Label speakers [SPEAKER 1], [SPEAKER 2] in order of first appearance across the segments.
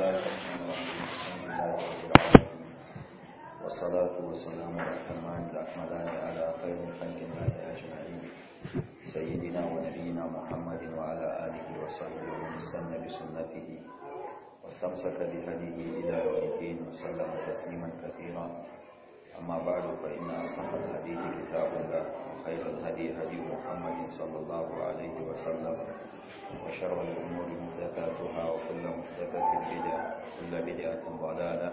[SPEAKER 1] الله الرحمن الرحيم الحمد لله رب على سيدنا محمد وعلى آله وصحبه ومن استنى بسنته واستمسك بهديه إلى يوم الدين وسلم تسليما كثيرا amma bado ba ina asalin hadithi da tabun da khairar hadithi muhammadin sallallahu alaihi wasallam wa sharar umarin mutaka tuha wa kullum mutaka fin bida kulla bida kun balada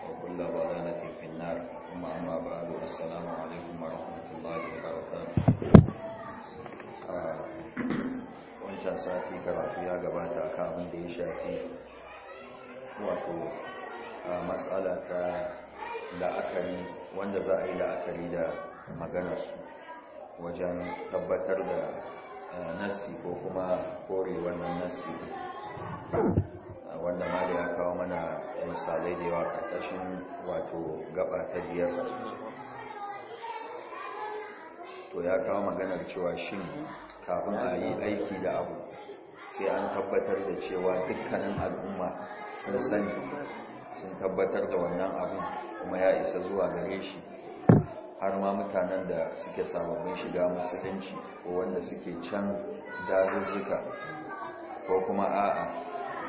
[SPEAKER 1] wa kulla balada fi finnar kuma amma bado assalamu alaikum warahmatullahi wabarakatuh wancan sati karatu ya gabata akan abin da ya shafi wato a matsala ta la'akari wanda za a yi la'akari da maganarsu wajen tabbatar da
[SPEAKER 2] eh, nassi ko kuma kore wannan nassi eh, wanda ma da ya kawo mana misalai da yawa ƙarƙashin wato gaba ta biyar to ya kawo maganar cewa shin kafin a yi aiki da abu sai an tabbatar da cewa dukkanin al'umma sun sani sun tabbatar da wannan abin kuma ya isa zuwa gare shi har ma mutanen da suke sababbin shiga musulunci ko wanda suke can dazuzzuka ko kuma a'a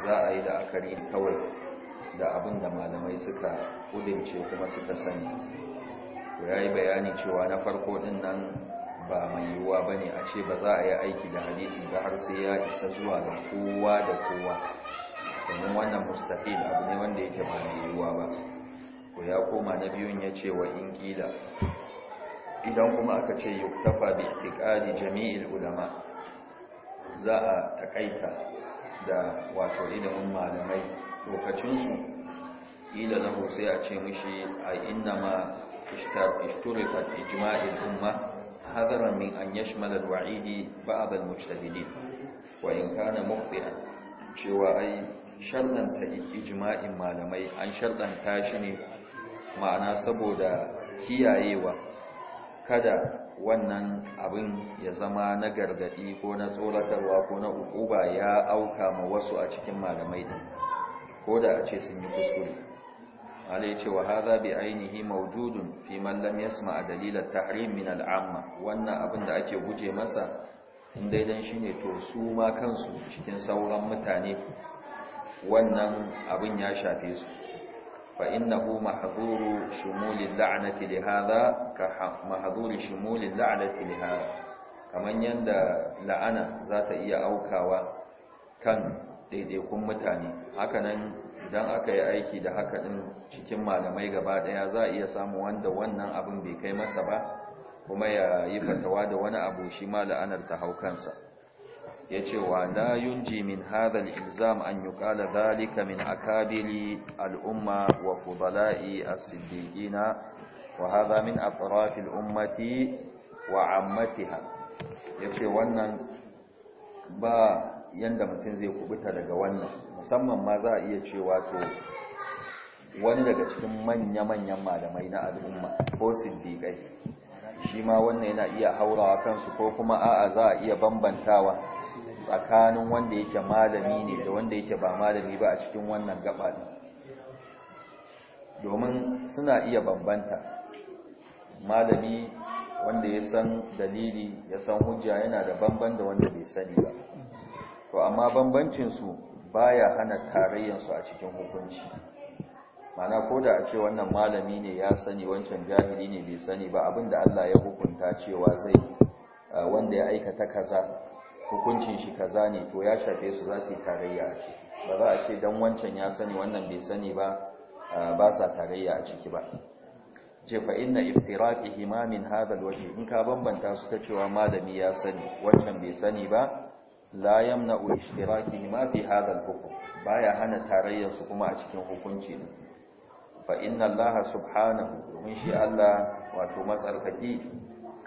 [SPEAKER 2] za a yi da akari kawai da abin da malamai suka kudince kuma suka sani ko ya yi bayani cewa na farko din nan ba mai yiwuwa ba ne a ce ba za a yi aiki da hadisi ga har sai ya isa zuwa ga kowa da kowa domin wannan mustahil abu ne wanda yake ba mai yiwuwa ba to ya koma na biyun ya ce wa in idan kuma aka ce yuktafa bi itiqadi jami'il ulama za a takaita da wato ilimin malamai lokacin su ila na sai a ce mishi a inna ma ishtarikat ijma'il umma hadaran min an yashmala alwa'idi ba'd almujtahidin wa in kana muqti'an cewa ai sharɗanta ijma'in malamai an sharɗanta shi ne ma'ana saboda kiyayewa kada wannan abin ya zama na gargadi ko na tsoratarwa ko na ukuba ya auka ma wasu a cikin malamai din ko da a ce sun yi kuskure alai ce wa hadha bi ainihi mawjudun fi man lam yasma dalil at-tahrim min al wannan abin da ake guje masa in dai dan shine to su ma kansu cikin sauran mutane wannan abin ya shafe su فإنه محظور شمول اللعنة لهذا كمحظور شمول اللعنة لهذا كمن يند لعنة ذات إيا أوكاوا كان daidaikun mutane nan, idan aka yi aiki da haka din cikin malamai gaba daya za a iya samu wanda wannan abin bai kai masa ba kuma ya yi fatawa da wani abu shi ma la'anar ta hau kansa yace wa la yunji min hadha al-ilzam an yuqala dhalika min akabili al-umma wa fudala'i as-siddiqina wa hadha min atraf ummati wa ammatiha yace wannan ba yanda mutum zai kubuta daga wannan musamman ma za a iya cewa to wani daga cikin manya-manyan malamai na al'umma ko siddiqai shi ma wannan yana iya haurawa kansu ko kuma a'a za a iya bambantawa tsakanin wanda yake malami ne da wanda yake ba malami ba a cikin wannan gaba domin suna iya bambanta malami wanda ya san dalili ya san hujja yana da bamban da wanda bai sani ba to amma bambancinsu ba ya hana tarayyansu a cikin hukunci mana ko da a ce wannan malami ne ya sani wancan jahili ne bai sani ba abinda Allah ya hukunta cewa zai wanda ya aikata kaza hukuncin shi kaza ne to ya shafe su za su yi tarayya a ciki ba za a ce dan wancan ya sani wannan bai sani ba ba sa tarayya a ciki ba ce fa inna iftiraqi ma min hadha alwajh in ka bambanta su ta cewa malami ya sani wancan bai sani ba la yamna'u ishtiraqi ma fi hadha alhukm baya hana tarayyar su kuma a cikin hukunci din fa inna allaha subhanahu domin shi Allah wato matsarkaki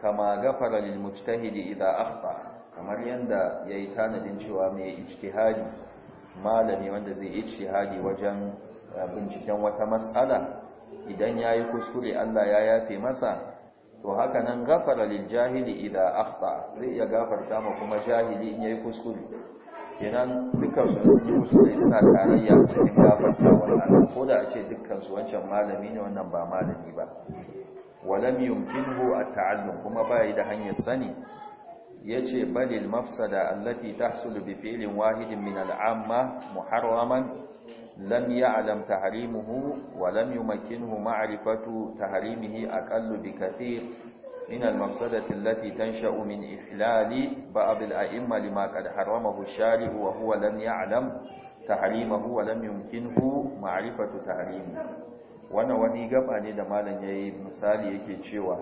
[SPEAKER 2] kama gafara lil mujtahidi idza akhta kamar yadda ya yi tanadin cewa mai ijtihadi malami wanda zai ijtihadi wajen eh, binciken wata matsala idan ya yi kuskure Allah ya yafe masa to haka nan gafara lil jahili idan akhta zai iya gafarta ma kuma jahili in ya yi kuskure kenan dukkan su yi kuskure suna tarayya cikin gafarta wannan ko da a ce dukkan su wancan malami ne wannan ba malami ba lam yumkinhu at-ta'allum kuma bai da hanyar sani yace balil mafsada allati tahsulu bi fi'lin wahidin min al'amma muharraman lam ya'lam tahrimuhu wa lam yumakkinhu ma'rifatu tahrimihi aqallu bi kathir min al-mafsadati allati tansha'u min ihlali ba al-a'imma lima qad haramahu ash-shari'u wa huwa lam ya'lam tahrimahu wa lam yumkinhu ma'rifatu tahrimihi wannan wani gaba ne da malam yayi misali yake cewa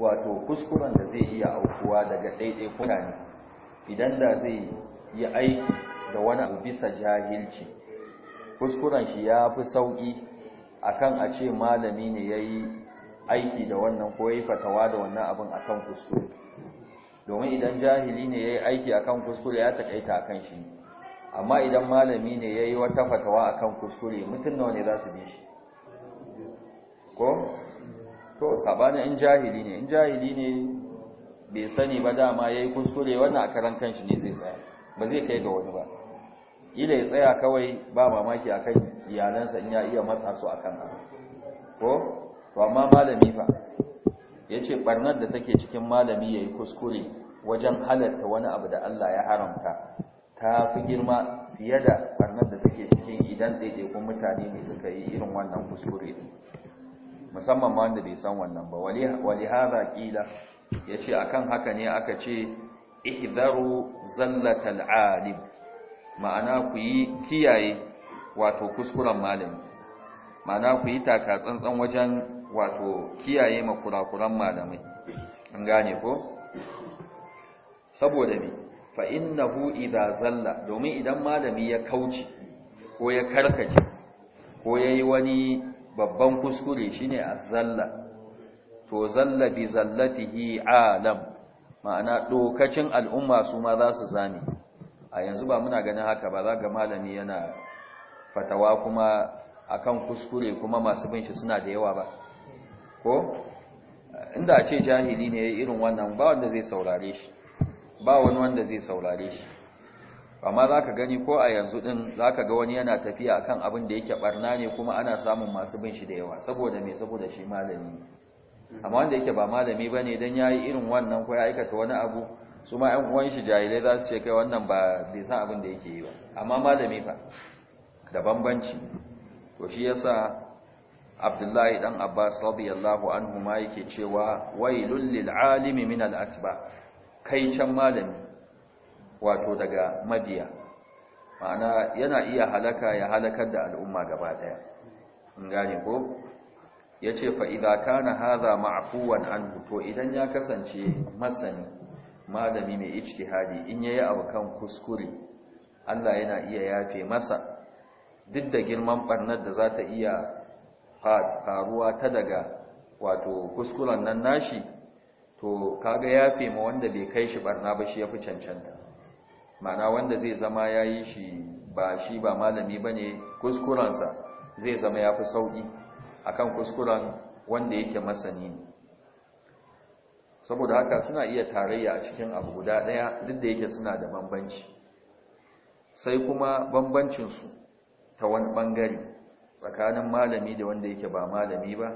[SPEAKER 2] wato kuskuren da zai iya aukuwa daga ɗaiɗai ne idan da zai yi aiki da wani bisa jahilci kuskuren shi ya fi sauƙi akan a ce malami ne ya yi aiki da wannan ko ya yi fatawa da wannan abin akan kuskure domin idan jahili ne ya yi aiki akan kuskure ya taƙaita akan shi amma idan malami ne ya yi wata fatawa akan kuskure mutum nawa ne za su bi shi ko to sabani in jahili ne in jahili ne bai sani ba dama yayi kuskure wannan a karan kanshi ne zai tsaya ba zai kai ga wani ba ila ya tsaya kawai ba mamaki akan iyalansa in ya iya matsa su akan abu ko to amma malami fa yace barnar da take cikin malami yayi kuskure wajen halarta wani abu da Allah ya haramta ta fi girma fiye da barnar da take cikin idan ɗaiɗaikun mutane ne suka yi irin wannan kuskure musamman ma wanda bai san wannan ba wali Ya ce yace akan haka ne aka ce ihdaru zallatal alim ma'ana ku yi kiyaye wato kuskuren malami ma'ana ku yi taka tsantsan wajen wato kiyaye makurakuran malamai an gane ko saboda ne fa innahu idza zalla domin idan malami ya kauce ko ya karkace ko yayi wani babban kuskure shine azalla to zalla bi zallatihi alam ma'ana dokacin al'umma su ma za su zame a yanzu ba muna ganin haka ba za ga malami yana fatawa kuma akan kuskure kuma masu bin shi suna da yawa ba ko inda ce jahili ne irin wannan ba wanda zai saurare shi ba wani wanda zai saurare shi amma za ka gani ko a yanzu ɗin za ka ga wani yana tafiya a kan abin da yake ɓarna ne kuma ana samun masu bin shi da yawa saboda mai saboda shi malami amma wanda yake ba malami ba ne don ya yi irin wannan ko ya aikata wani abu su ma ‘yan uwan shi jahilai za su ce kai wannan ba bai san abin da yake yi ba amma malami fa da bambanci to shi yasa abdullahi dan abbas radiyallahu anhu ma yake cewa wailul lil alimi min al atba kai can malami wato daga mabiya ma'ana yana iya halaka ya halakar da al'umma gaba daya in gane ko yace fa idza kana hadha ma'fuwan anhu to idan ya kasance masani malami mai ijtihadi in yayi abu kan kuskure Allah yana iya yafe masa duk da girman barnar da za ta iya faruwa ta daga wato kuskuren nan nashi to kaga yafe ma wanda bai kai shi barna ba shi ya fi cancanta ma'ana wanda zai zama ya yi shi ba shi ba malami ba ne kuskurensa zai zama ya fi sauƙi a kan kuskuren wanda yake masani ne saboda haka suna iya tarayya a cikin abu guda ɗaya duk da yake suna da bambanci sai kuma bambancinsu ta wani ɓangare tsakanin malami da wanda yake ba malami ba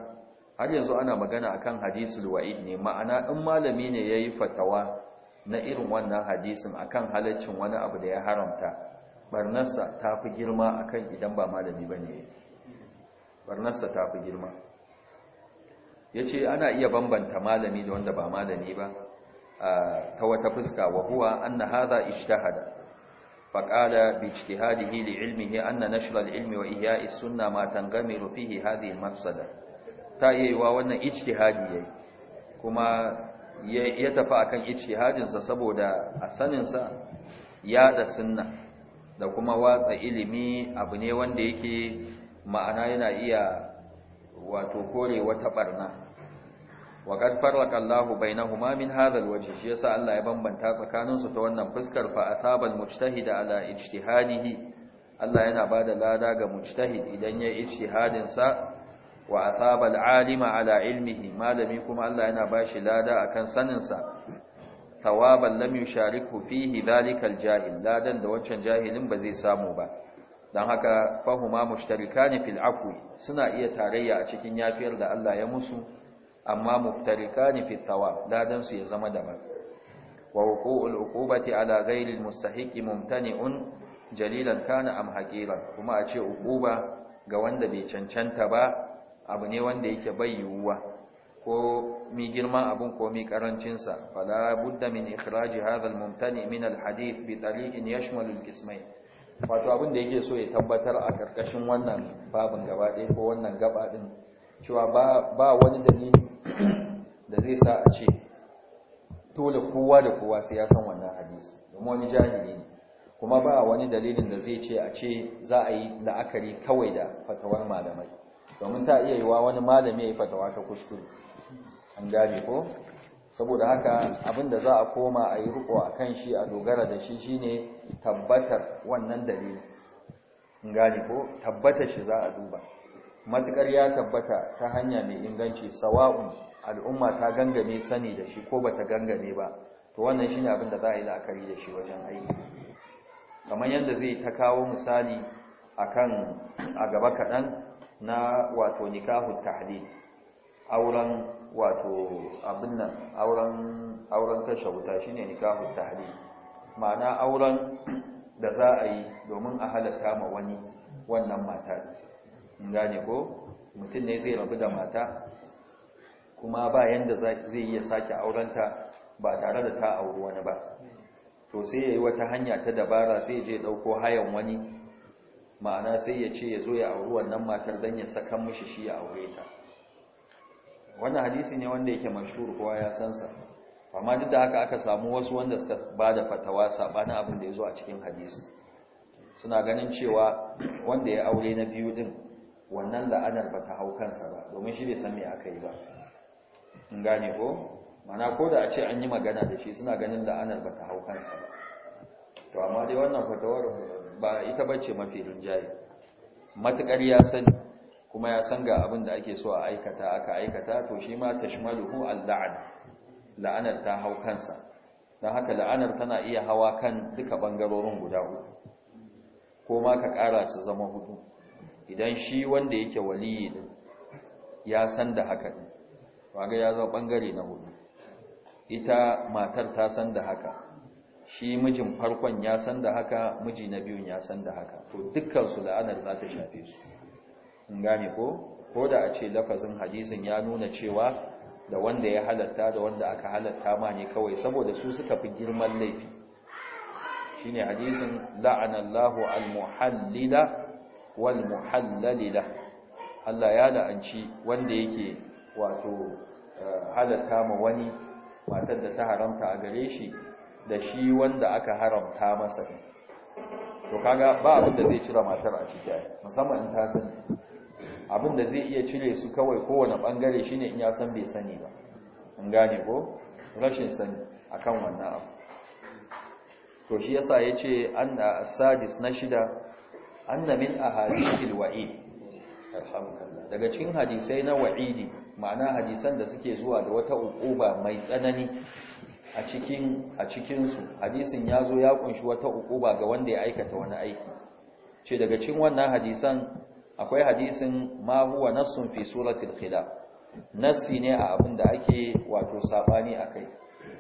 [SPEAKER 2] har yanzu ana magana a kan hadisul wa'id ne ma'ana ɗin malami ne ya yi fatawa na irin wannan hadisin akan halaccin wani abu da ya haramta barnarsa ta fi girma akan idan ba malami ba ne barnarsa ta fi girma ya ce ana iya bambanta malami da wanda ba malami ba ta wata fuska wa huwa anna hadha ijtahada فقال باجتهاده لعلمه أن نشر العلم وإحياء السنة ما تنغمر فيه هذه المفسدة ta iya wannan ijtihadi yayi kuma ya tafi akan hajjinsa saboda a saninsa yada sunna da kuma watsa ilimi abu ne wanda yake ma'ana yana iya wato kore wata barna waƙar qad farraqa bai na humamin hadal alwajh shi yasa Allah ya bambanta tsakaninsu ta wannan fuskar fa atabal mujtahida ala ijtihadihi Allah yana bada lada ga mujtahid idan ya ijtihadinsa wa athaba al'alima ala ilmihi malami kuma Allah yana bashi lada akan saninsa tawaban lam yushariku fihi dhalika al-jahil ladan da wancan jahilin ba zai samu ba dan haka fahuma mushtarikani fil afwi suna iya tarayya a cikin yafiyar da Allah ya musu amma muftarikani fil tawab ladan su ya zama daban wa wuqu'ul uqubati ala ghairi al-mustahiqi mumtani'un jalilan kana am haqiran kuma a ce uquba ga wanda bai cancanta ba abu ne wanda yake bai yiwuwa ko mi girman abun ko mi karancinsa fala budda min ikhraji hadha al-mumtani min al-hadith bi tariqin yashmal al qismay wato abin da yake so ya tabbatar a karkashin wannan babin gaba ɗaya ko wannan gaba ɗin cewa ba wani dalili da zai sa a ce dole kowa da kowa sai ya san wannan hadisi domin wani jahili ne kuma ba wani dalilin da zai ce a ce za a yi la'akari kawai da fatawar malamai domin ta iya yi wa wani malami ya yi fatawa ta kuskure an gane ko saboda haka abinda za a koma a yi riko a kan shi a dogara da shi shine tabbatar wannan dalili An gane ko tabbatar shi za a duba matukar ya tabbata ta hanya mai inganci sawa'un al'umma ta gangame sani da shi ko bata gangame ba to wannan shine abin da za a yi la'akari da shi wajen aiki kamar yadda zai ta kawo misali akan a gaba kaɗan na wato nikahu tahdid auren wato abin nan auren auren kashe wuta shine nikahu tahdid ma'ana auren da za a yi domin a halatta ma wani wannan mata in gane ko mutum ne zai rabu da mata kuma ba yanda zai iya sake aurenta ba tare da ta auri wani ba to sai yayi wata hanya ta dabara sai je ɗauko hayan wani ma'ana sai ya ce ya zo ya auri wannan matar don ya sakan mishi shi ya aure ta wannan hadisi ne wanda yake mashhur kowa ya san sa amma duk da haka aka samu wasu wanda suka bada fatawa sabanin abin da yazo a cikin hadisi suna ganin cewa wanda ya aure na biyu din wannan la'anar ba ta hau kansa ba domin shi bai san me aka yi ba in gane ko mana ko da a ce an yi magana da shi suna ganin la'anar ba ta hau kansa ba to amma dai wannan fatawar ba ita bace mafi rinjaye Matuƙar ya sani kuma ya san ga abin da ake so a aikata aka aikata to shi ma tashmaluhu al-la'an la'anar ta hau kansa don haka la'anar tana iya hawa kan duka bangarorin guda uku ko ma ka ƙara su zama hudu idan shi wanda yake waliyi din ya san da haka din waga ya zama bangare na hudu ita matar ta san da haka shi mijin farkon ya san da haka miji na biyun ya san da haka to dukkansu la'anar za ta shafe su in gane ko ko da a ce lafazin hadisin ya nuna cewa da wanda ya halatta da wanda aka halatta ma ne kawai saboda su suka fi girman laifi Shi ne hadisin la'anallahu wal muhallalila Allah ya la'anci wanda yake wato eh, halatta ma wani matar da ta haramta a gare shi da shi wanda aka haramta masa ne to kaga ba abin da zai cire matar a ciki musamman in ta sani abin da zai iya cire su kawai kowane bangare shine in ya san bai sani ba in gane ko rashin sani akan wannan abu to shi yasa yace an as-sadis na shida anna min ahadithil wa'id alhamdulillah daga cikin hadisai na wa'idi ma'ana hadisan da suke zuwa da wata uquba mai tsanani a cikin a cikin su hadisin yazo ya kunshi wata ukuba ga wanda ya aikata wani aiki ce daga cikin wannan hadisan akwai hadisin ma huwa nassun fi suratul khila nassi ne a abin da ake wato sabani akai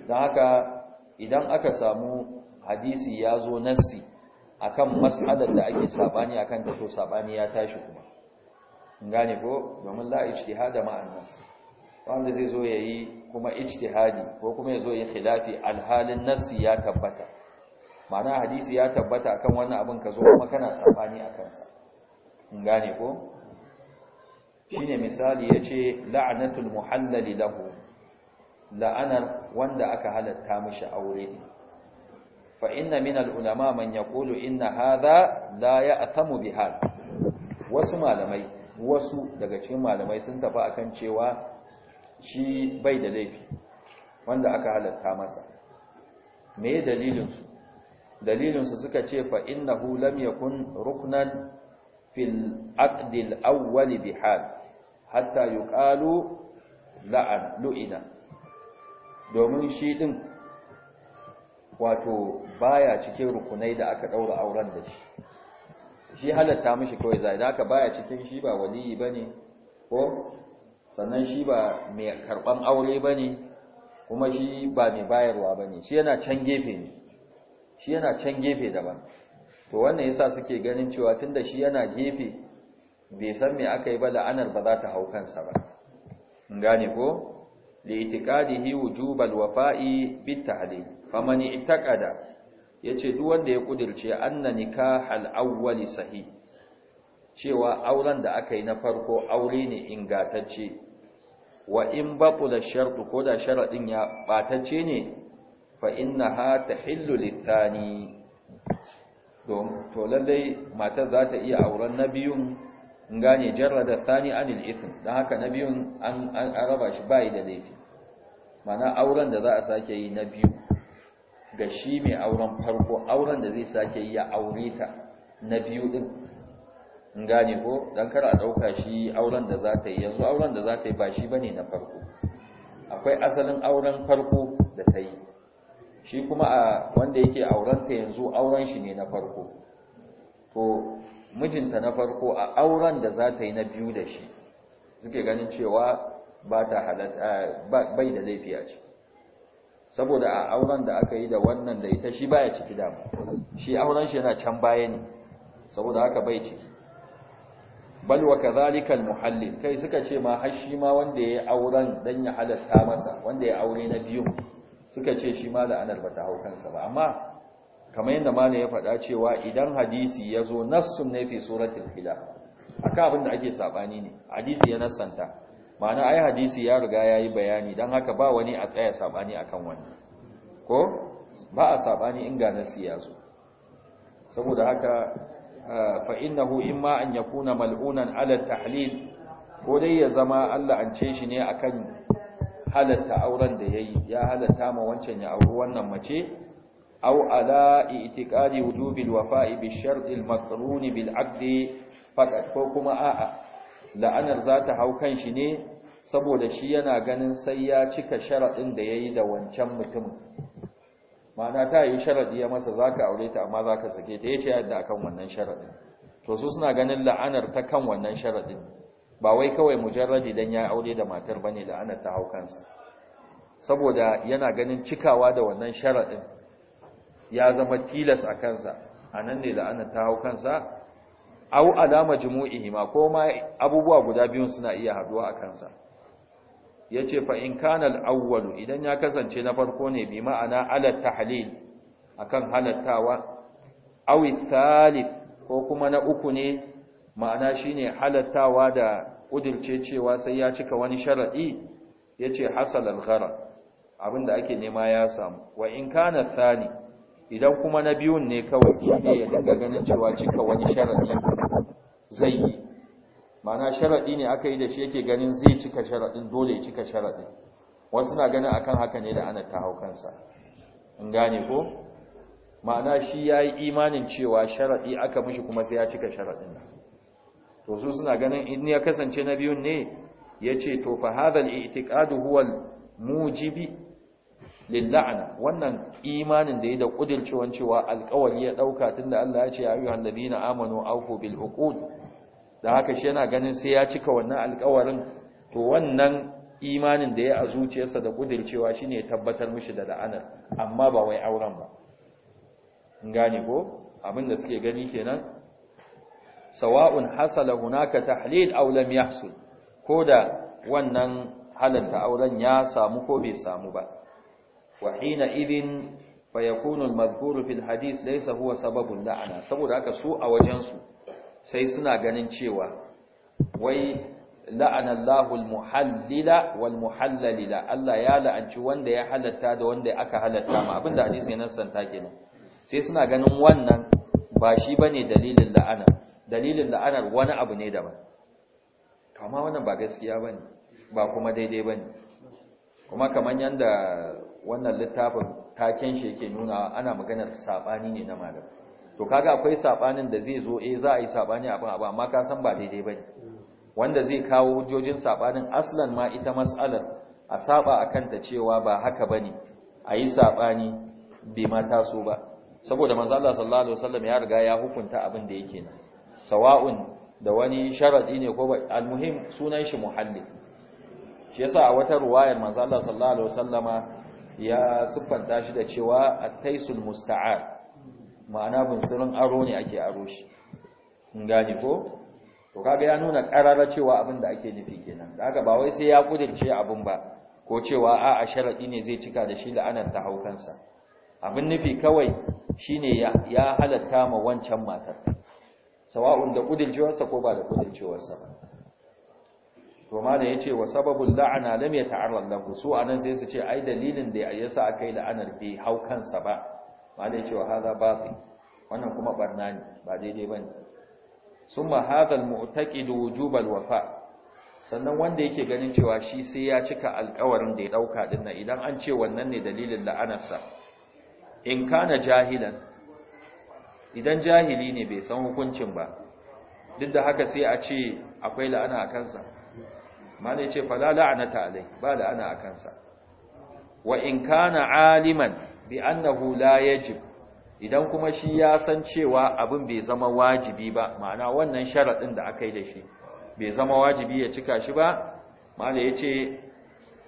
[SPEAKER 2] dan haka idan aka samu hadisi yazo nassi akan mas'alar da ake sabani akan ta to sabani ya tashi kuma gane ko domin la ijtihada ma'an nas wanda zai zo yayi kuma ijtihadi ko kuma yazo ya khilafi alhalin nassi ya tabbata ma'ana hadisi ya tabbata akan wannan abin ka kuma kana sabani akan sa in gane ko shine misali yace la'natul muhallali lahu la'anar wanda aka halatta mishi aure fa inna min ulama man yaqulu inna hadha la ya'tamu bihal wasu malamai wasu daga cikin malamai sun tafi akan cewa shi bai da laifi wanda aka halatta masa me dalilinsu dalilinsu suka ce fa innahu lam yakun ruknan fil aqd al awwal bi hal hatta yuqalu la'an lu'ina domin shi din wato baya cikin rukunai da aka daura auren da shi shi halatta mishi kawai zai da aka baya cikin shi ba waliyi bane ko sannan shi ba mai karɓan aure ba ne, kuma shi ba mai bayarwa ne shi yana can gefe ne shi yana can gefe daban to wannan yasa suke ganin cewa tun da shi yana gefe bai san me aka yi ba la'anar ba za ta hau kansa ba in gane ko li itiqadihi wujubal wafa'i bit tahdid faman i'taqada yace duk wanda ya kudirce anna nikahal awwali sahih cewa auren da aka yi na farko aure ne ingatacce wa in da shartu ko da sharadin ya batacce ne fa ha ta hillu littani to lallai matar za ta iya auren na biyun gane jaradar Sani anil ithm dan haka na biyun an raba shi bai da laifi mana auren da za a sake yi na biyu ga shi mai auren farko auren da zai sake yi ya aure ta na biyu din in gane ko dan kar a dauka shi auren da za yi yanzu auren da za yi ba shi bane na farko akwai asalin auren farko da ta shi kuma a wanda yake auren ta yanzu auren shi ne na farko to mijinta na farko a auren da za ta yi na biyu da shi suke ganin cewa ba ta halatta bai da laifi a ci saboda a auren da aka yi da wannan da ita shi baya ciki damu shi auren shi yana can baya ne saboda haka bai ciki bal wa kadhalika almuhallil kai suka ce ma har shi ma wanda yayi auren dan ya halatta masa wanda ya aure na biyu suka ce shi ma la'anar bata hau kansa ba amma kamar yadda malam ya faɗa cewa idan hadisi ya zo nassun ne fi suratul hilal akan abin da ake sabani ne hadisi ya nasanta, ma'ana ai hadisi ya riga yayi bayani dan haka ba wani a tsaya sabani akan wani ko ba a sabani in ga nassi ya saboda haka fa in imma an yakuna mal'unan ala tahlil ko dai ya zama Allah an ce shi ne akan halarta auren da yayi ya halarta ma wancan ya auri wannan mace aw ala i'tiqadi wujubil wafa'i bi shartil maqrun bil 'aqdi faqat ko kuma a'a la'anar za ta hau kan shi ne saboda shi yana ganin sai ya cika sharaɗin da ya yi da wancan mutumin ma'ana ta yi sharaɗi ya masa za ka aure ta amma za ka sake ta Ya ce yadda a kan wannan sharaɗin. to su suna ganin la'anar ta kan wannan sharaɗin. ba wai kawai mujarradi don ya aure da matar ba ne la'anar ta hau kansa saboda yana ganin cikawa da wannan sharaɗin. ya zama tilas a kansa A nan ne la'anar ta hau kansa au alama jumu'ihima ko ma abubuwa guda biyun suna iya haɗuwa a kansa ya ce fa'in kanal awwalu idan ya kasance na farko ne bi ma'ana alat tahlil akan halattawa awi thalif ko kuma na uku ne ma'ana shine halattawa da ƙudurce cewa sai ya cika wani sharaɗi ya ce hasalar gara abinda ake nema ya samu wa in kana thani idan kuma na biyun ne kawai shi ne ya daga ganin cewa cika wani sharaɗi zai yi ma'ana sharaɗi ne aka yi da shi yake ganin zai cika sharaɗin dole ya cika sharaɗin wasu na ganin akan haka ne da ana ta hau kansa in gane ko ma'ana shi ya yi imanin cewa sharaɗi aka mishi kuma sai ya cika sharaɗin nan to su suna ganin in ya kasance na biyun ne ya ce to fa hadal i'tiqadu huwa mujibi lil'ana wannan imanin da ya da kudircewan cewa alƙawari ya dauka tunda Allah ya ce ayyuhal ladina amanu awfu bil uqud da haka shi yana ganin sai ya cika wannan alkawarin to wannan imanin da ya a zuciyarsa da kudircewa shine ya tabbatar mishi da la'anar amma ba wai auren ba In gane ko abin da suke gani kenan sawa'un hasala hunaka tahlil aw lam yahsul koda wannan halanta auren ya samu ko bai samu ba wa hina idin fa yakunu al-madhkuru fil hadith laysa huwa sababun la'ana saboda haka su a wajen su sai suna ganin cewa wai la'anallahu almuhallila walmuhallalila Allah ya la'anci wanda ya halatta da wanda aka halatta ma abinda hadisi nan santa kenan sai suna ganin wannan ba shi bane dalilin la'ana dalilin la'anar wani abu ne daban amma wannan ba gaskiya bane ba kuma daidai bane kuma kaman yanda wannan littafin taken shi yake nuna ana maganar sabani ne na malamai to kaga akwai sabanin da zai zo eh za a yi sabani abin abu amma ka san ba daidai bane wanda zai kawo hujojin sabanin aslan ma ita mas'alar a saba akan ta cewa ba haka bane a yi sabani bai ma taso ba saboda manzo Allah sallallahu alaihi wasallam ya riga ya hukunta abin da yake nan sawa'un da wani sharadi ne ko almuhim sunan shi muhalli shi yasa a wata ruwayar manzo Allah sallallahu alaihi wasallama ya siffanta shi da cewa at-taisul musta'ar ma'ana bunsurin aro ne ake aro shi in gane ko to kaga ya nuna karara cewa abin da ake nufi kenan kaga ba wai sai ya kudirce abin ba ko cewa a a sharadi ne zai cika da shi la'anar ta haukansa abin nufi kawai shine ya halatta ma wancan matar sawa'un da kudircewarsa ko ba da kudircewarsa ba to malam yace wa sababul la'ana lam yata'arrad lahu su anan sai su ce ai dalilin da yasa aka yi la'anar bai haukansa ba mala ya ce haza batil wannan kuma barna ne ba daidai bane summa hadha almu'taqid wujub alwafa sannan wanda yake ganin cewa shi sai ya cika alƙawarin da ya dauka din nan idan an ce wannan ne dalilin la'anarsa in kana jahilan idan jahili ne bai san hukuncin ba duk da haka sai a ce akwai la'ana a kansa malai ce fala la'anata alai ba la'ana a kansa wa in kana aliman bi annahu la yajib idan kuma shi ya san cewa abin bai zama wajibi ba ma'ana wannan sharadin da aka yi da shi bai zama wajibi ya cika shi ba mala yace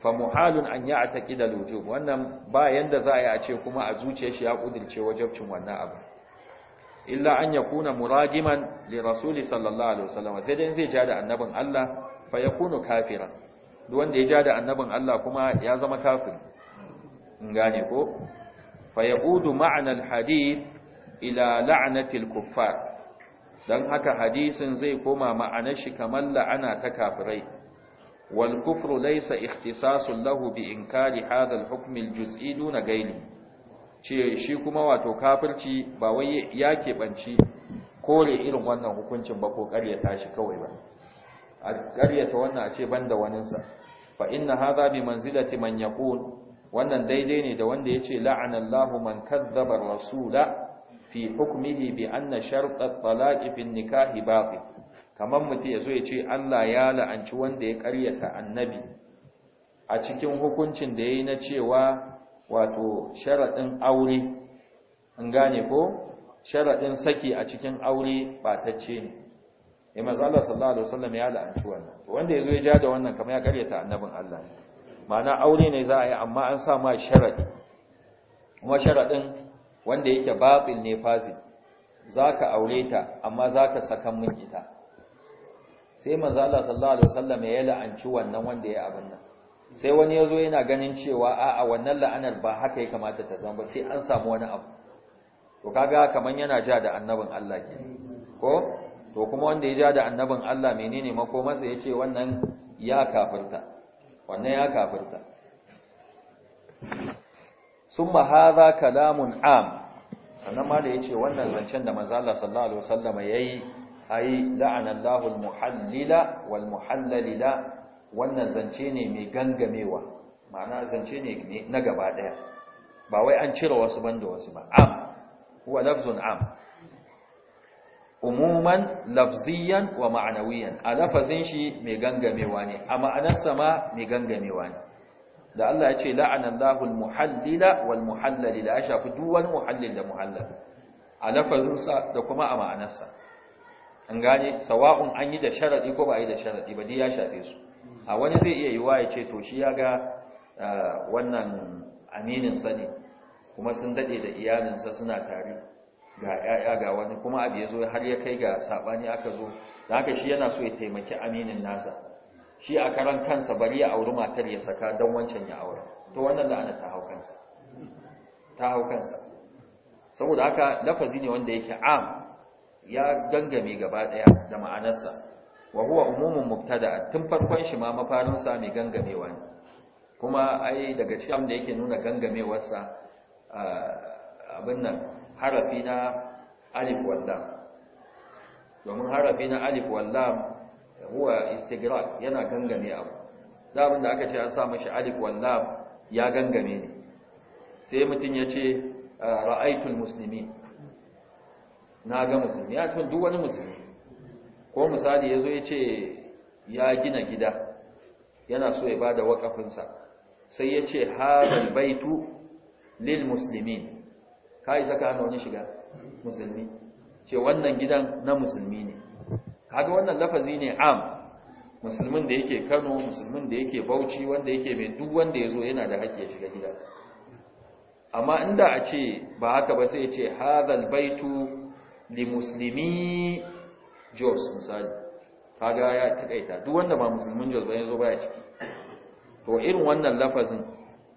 [SPEAKER 2] fa muhalun an ya'taqid al-wujub wannan ba yanda za a yi a ce kuma a zuciyar shi ya kudirce wajibcin wannan abu illa an yakuna muragiman li rasuli sallallahu alaihi wasallam sai dai zai ja da annabin Allah fa yakunu kafira duk wanda ya ja da annabin Allah kuma ya zama kafiri in gane ko fayaudu ma'anar hadith ila la'anatil kuffar don haka hadisin zai koma ma'anar shi kamar la'ana ta kafirai wal kufru laysa ikhtisasun lahu bi inkari hadha al hukm al juz'i duna gaili ce shi kuma wato kafirci ba wai ya keɓanci kore irin wannan hukuncin ba ko ƙaryata shi kawai ba a ƙaryata wannan a ce banda waninsa fa inna hadha bi manzilati man yaqul wannan daidai ne da wanda ya ce la'anallahu man kadzdzaba rasula fi hukumihi bi anna shart at-talaq fi an Kamar baqi ya zo ya ce Allah ya la'anci wanda ya ƙaryata annabi a cikin hukuncin da ya yi na cewa wato sharaɗin aure in gane ko sharaɗin saki a cikin aure batacce ne eh manzo Allah sallallahu alaihi wasallam ya la'anci wannan wanda ya zo ya ja da wannan kamar ya ƙaryata annabin Allah ne ma'ana aure ne za a yi amma an sa ma sharaɗi kuma sharaɗin wanda yake batil ne fasil za ka aure ta amma za ka sakan min ita sai manzo Allah sallallahu alaihi wasallam ya la'anci wannan wanda ya abin nan sai wani yazo yana ganin cewa a'a wannan la'anar ba haka ya kamata ta zama sai an samu wani abu to kaga kaman yana ja da annabin Allah ke ko to kuma wanda ya ja da annabin Allah menene makomarsa ce wannan ya kafirta wannan ya kafirta summa hadha kalamun am sannan ma da yace wannan zancen da maza sallallahu alaihi yi yayi ai la'anallahu almuhallila walmuhallalila wannan zance ne mai gangamewa ma'ana zance ne na gaba daya ba wai an cire wasu banda wasu ba am huwa lafzun am umuman lafziyan wa ma'anawiyan a lafazin shi mai gangamewa ne a ma'anarsa ma mai gangamewa ne da Allah ya ce la'anallahu almuhallila wal da ya shafi duwan muhallil da muhallal a lafazinsa da kuma a ma'anarsa an gane sawa'un an yi da sharaɗi, ko ba yi da sharaɗi ba dai ya shafe su a wani zai iya yiwa ya ce to shi ya ga ah, wannan aminin sa ne kuma sun dade da iyalinsa suna tare ga 'ya'ya ga wani kuma abu ya zo har ya kai ga saɓani aka zo da haka shi yana so ya taimaki aminin nasa shi a karan kansa bari ya auri matar ya saka don wancan ya aure to wannan la'ana ta hau kansa ta hau saboda haka lafazi ne wanda yake am ya gangame gaba ɗaya, da ma'anarsa wa huwa umumun mubtada tun farkon shi ma mafarinsa mai gangamewa ne kuma ai daga cikin da yake nuna gangamewarsa abin nan harafi na alif wallam domin harafi na alif wallam huwa istigrak yana gangame abu da da aka ce an sa mashi alif wallam ya gangame ne sai mutum ya ce ra'aitul musulmi na ga musulmi ya tun duk wani musulmi ko misali ya zo ya ce ya gina gida yana so ya ba da waƙafinsa. sai ya ce haɗar baitu lil musulmi ka zaka hana wani shiga musulmi ce wannan gidan na musulmi ne kaga wannan lafazi ne am musulmin da yake Kano musulmin da yake Bauchi wanda yake mai duk wanda yazo yana da haƙƙi ya shiga gidan amma inda a ce ba haka ba sai ya ce hadhal baitu li muslimi Jos misali kaga ya takaita duk wanda ba musulmin Jos ba yazo baya ciki to irin wannan lafazin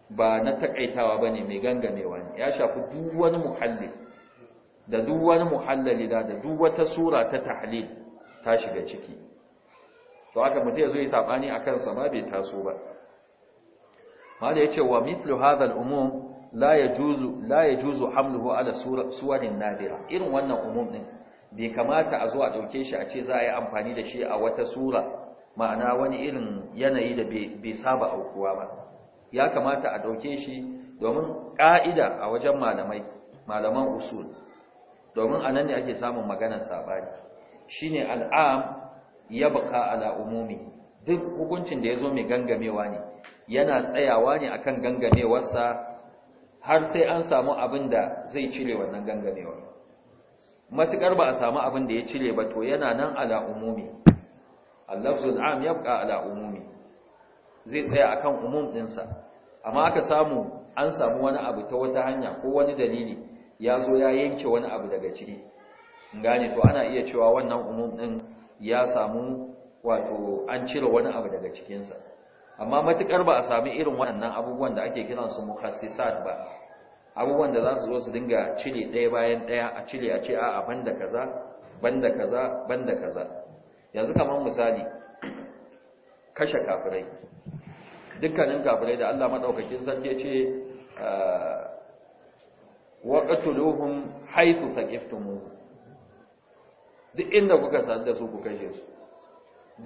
[SPEAKER 2] ba na takaitawa ba ne mai gangamewa ne ya shafi duk wani muhalli da duk wani muhallali da duk wata sura ta tahlil ta shiga ciki to haka mutai ya zo yi sabani a sa ba bai taso ba mala ya ce wa mithlu hadha al-umum la yajuzu la yajuzu hamluhu ala suwarin nadira irin wannan umum din bai kamata a zo a dauke shi a ce za a yi amfani da shi a wata sura ma'ana wani irin yanayi da bai saba aukuwa ba ya kamata a ɗauke shi domin ƙa'ida a wajen malamai malaman usul domin a nan ne ake samun maganar saɓani shi ne al'am ya baka ala umumi duk hukuncin da ya zo mai gangamewa ne yana tsayawa ne akan gangamewarsa har sai an samu abin da zai cire wannan gangamewa matukar ba a samu abin da ya cire ba to yana nan ala umumi ya am yabqa ala umumi zai tsaya a kan umum ɗinsa amma aka samu an samu wani abu ta wata hanya ko wani dalili ya zo ya yanke wani abu daga ciki gane to ana iya cewa wannan umum ɗin ya samu wato an cire wani abu daga cikinsa amma matuƙar ba a sami irin waɗannan abubuwan da ake kiran su muhassisat ba abubuwan da za su zo su dinga cire ɗaya bayan ɗaya a cire a ce a banda kaza banda kaza banda kaza yanzu kamar misali kashe kafirai dukkanin kafirai da Allah madaukakin sarki ce, ah, wa qatuluhum haythu taqiftumu duk inda kuka san da su ku kashe su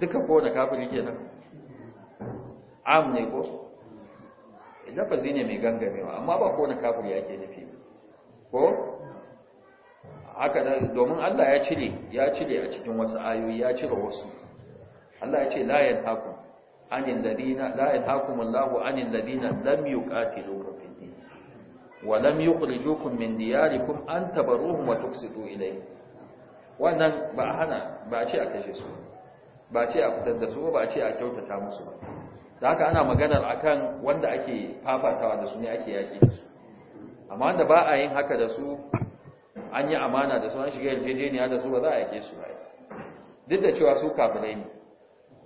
[SPEAKER 2] duka ko da kafiri kenan am ne ko fa ne mai gangamewa amma ba ko da kafiri yake nufi ko haka domin Allah ya cire ya cire a cikin wasu ayoyi ya cire wasu Allah ya ce la yanhaqu anil ladina la Allahu anil ladina lam yuqatilukum fid din wa lam yukhrijukum min diyarikum an tabarruhum wa tuksitu ilayhi wannan ba hana ba ce a kashe su ba ce a fitar da su ba ce a kyautata musu ba da haka ana maganar akan wanda ake fafatawa da su ne ake yaki da su amma da ba a yin haka da su an yi amana da su an shiga yarjejeniya da su ba za a yake su ba duk da cewa su kafirai ne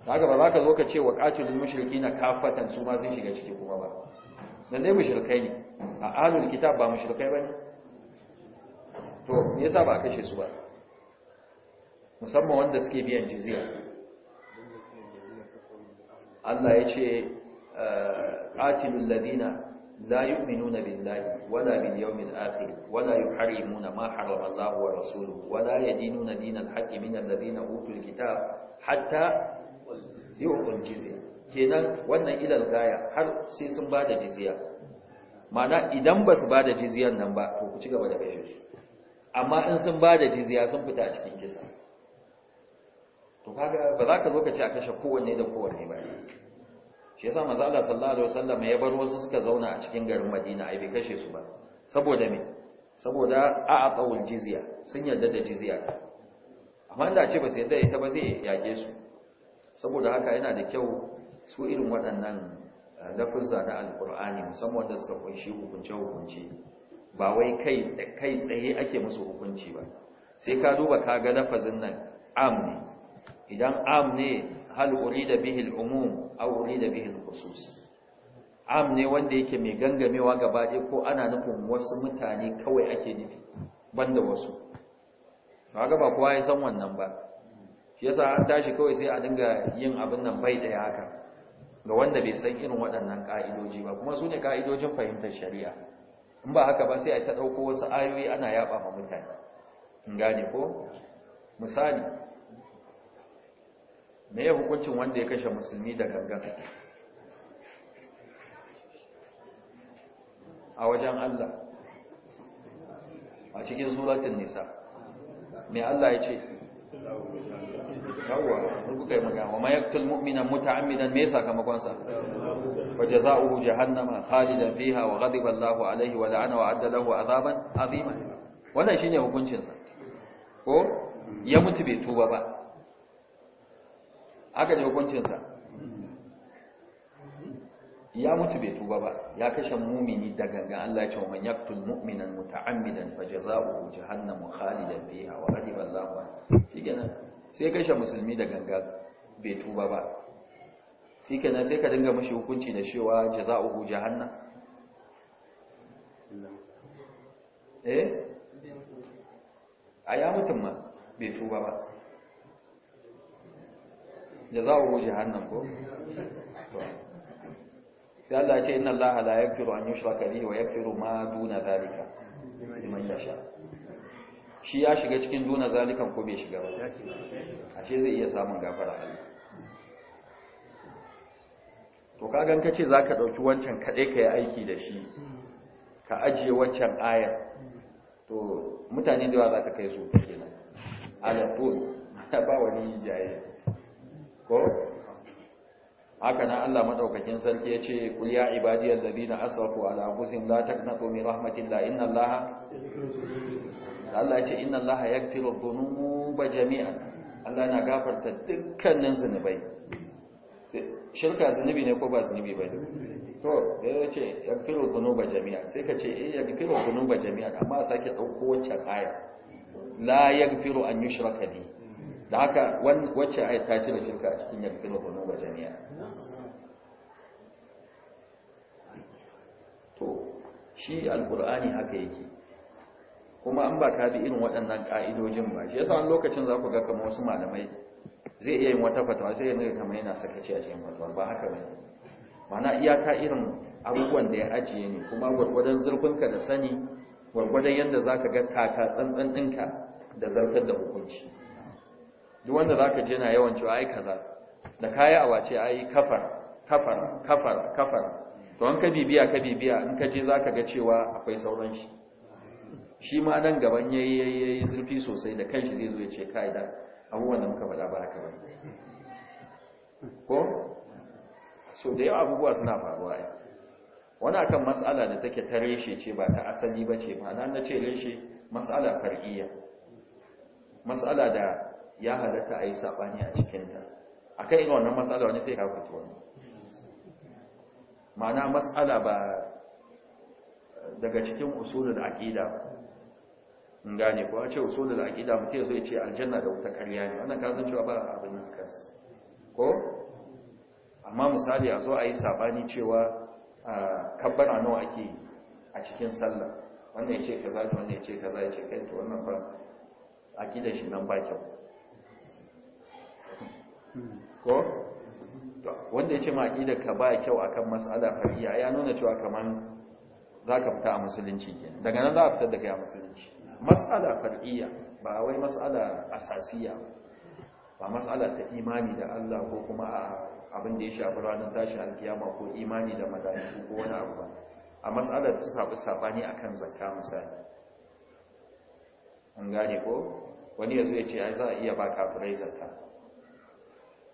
[SPEAKER 2] haka ba za ka zo ka ce wa qatilul mushrikina kafatan su ma sun shiga ciki kuma ba dan dai mushrikai ne a ahlul kitab ba mushrikai bane to me yasa ba a kashe su ba musamman wanda suke biyan jizya Allah ya ce eh, qatilul ladina لا يؤمنون بالله ولا باليوم الآخر ولا يحرمون ما حرم الله ورسوله ولا يدينون دين الحق من الذين أوتوا الكتاب hatta. yu'un jizya kenan wannan ilal gaya har sai sun bada jizya mana idan ba su bada jizyan nan ba to ku ci gaba da kashe amma in sun bada jizya sun fita a cikin kisa to kaga ba za ka zo ka ce a kashe kowanne da kowanne ba shi yasa manzo Allah sallallahu alaihi wasallam ya bar wasu suka zauna a cikin garin Madina ai bai kashe su ba saboda me saboda a aqawul jizya sun yarda da jizya amma da ce ba su yarda ita ba zai yake su saboda haka yana da kyau su irin waɗannan eh, lafizza na alkur'ani musamman wanda suka kunshi hukunce-hukunce ba wai kai da kai tsaye ake musu hukunci ba sai ka duba ka ga lafazin nan am ne idan am ne hal urida bihi bihil umum aw urida bihi al-khusus am ne wanda yake mai gangamewa gaba ɗaya ko ana nufin wasu mutane kawai ake nufi banda wasu kaga ba kowa ya san wannan ba shi yasa an tashi kawai sai a dinga yin abin nan bai daya haka ga wanda bai san irin waɗannan ka'idoji ba kuma su ne ka'idojin fahimtar shari'a in ba haka ba sai a ta ɗauko wasu ayoyi ana yaba ma mutane in gane ko misali me ya hukuncin wanda ya kashe musulmi da gangan a wajen Allah a cikin suratun nisa me Allah ya ce
[SPEAKER 1] yawa kuka yi magana wa
[SPEAKER 2] mayaktul mu'mina muta'ammidan me sakamakon sa wa jazaohu jahannama khalidan fiha wa ghadiba Allahu alaihi wa la'ana wa adda lahu azaban azima wannan shine hukuncin sa ko ya mutu bai tuba ba aka ne hukuncin sa ya mutu bai tuba ba ya kashe mumini da ganga Allah ya ce wa man yaqtul mu'minan muta'ammidan fajaza'uhu jahannam khalidan fiha wa ghadiba Allah shikenan sai kashe musulmi da ganga bai tuba ba shikenan sai ka dinga mishi hukunci da shewa jaza'uhu jahannam eh a ya mutum ma bai tuba ba jaza'uhu jahannam ko to sai Allah ya ce inna Allah la yaghfiru an yushraka bihi wa yaghfiru ma duna zalika liman yasha shi ya shiga cikin duna zalikan ko bai shiga ba
[SPEAKER 1] ashe zai iya samun
[SPEAKER 2] gafara Allah to ka gan kace zaka dauki wancan kade ka yi aiki da shi ka ajiye wancan ayar to mutane da yawa ka kai su kenan ala to ba wani jaye ko haka nan Allah madaukakin sarki ya ce qul ya ibadiyal ladina asrafu ala anfusihim la taqnatu min rahmatillah inna allaha Allah ya ce inna allaha yaghfiru dhunuba jami'an Allah na gafarta dukkanin zunubai shirka zunubi ne ko ba zunubi ba to da ya ce yaghfiru dhunuba jami'an sai ka ce eh yaghfiru dhunuba jami'an amma sake dauko wancan aya la yaghfiru an yushraka bihi da haka wacce ayat ta cire shirka a cikin yankin hunu wa to shi alkur'ani haka yake kuma an ba ka bi irin waɗannan ƙa'idojin ba shi ya wani lokacin za ku ga kama wasu malamai zai iya yin wata fatawa zai yi kama yana sakaci a cikin fatawa ba haka ba mana iyaka irin abubuwan da ya ajiye ne kuma gwargwadon zurfinka da sani gwargwadon yadda za ka ga kaka tsantsan ɗinka da zartar da hukunci duk wanda za je na yawan cewa ai kaza da kaya a wace ai kafar kafar kafar kafar to an ka bibiya ka bibiya in ka je zaka ga cewa akwai sauran shi shi ma nan gaban yayi yayi zurfi sosai da kanshi zai zo ya ce kai da abubuwan da muka faɗa ba haka ba ko so da yawa abubuwa suna faruwa ai wani akan matsala da take ta reshe ce ba ta asali ba ce ma na ce reshe matsala far'iyya matsala da ya halatta a yi saɓani a cikinta a kan irin wannan matsala wani sai fito wani ma'ana matsala ba daga cikin usulul aƙida in gane ko a ce usulul aƙida mutum zai ce aljanna da wuta ƙarya ne wannan kasan cewa ba abin nan kas, ko amma misali a zo a yi saɓani cewa a nawa ake yi a cikin sallah wannan ya ce kaza wannan ya ce kaza ya ce kai to wannan ba aƙidar shi nan ba kyau ko wanda ya ce ma aƙidar ka ba kyau akan mas'alar fariya ya nuna cewa kamar za ka fita a musulunci kenan daga nan za a fitar da kai a musulunci mas'ala fariya ba wai mas'ala asasiya ba mas'ala ta imani da Allah ko kuma abin da ya shafi ranar tashi alkiyama ko imani da mala'iku ko wani abu ba a mas'ala ta sabu sabani akan zakka misali an gane ko wani yazo ya ce ai za a iya ba kafirai zakka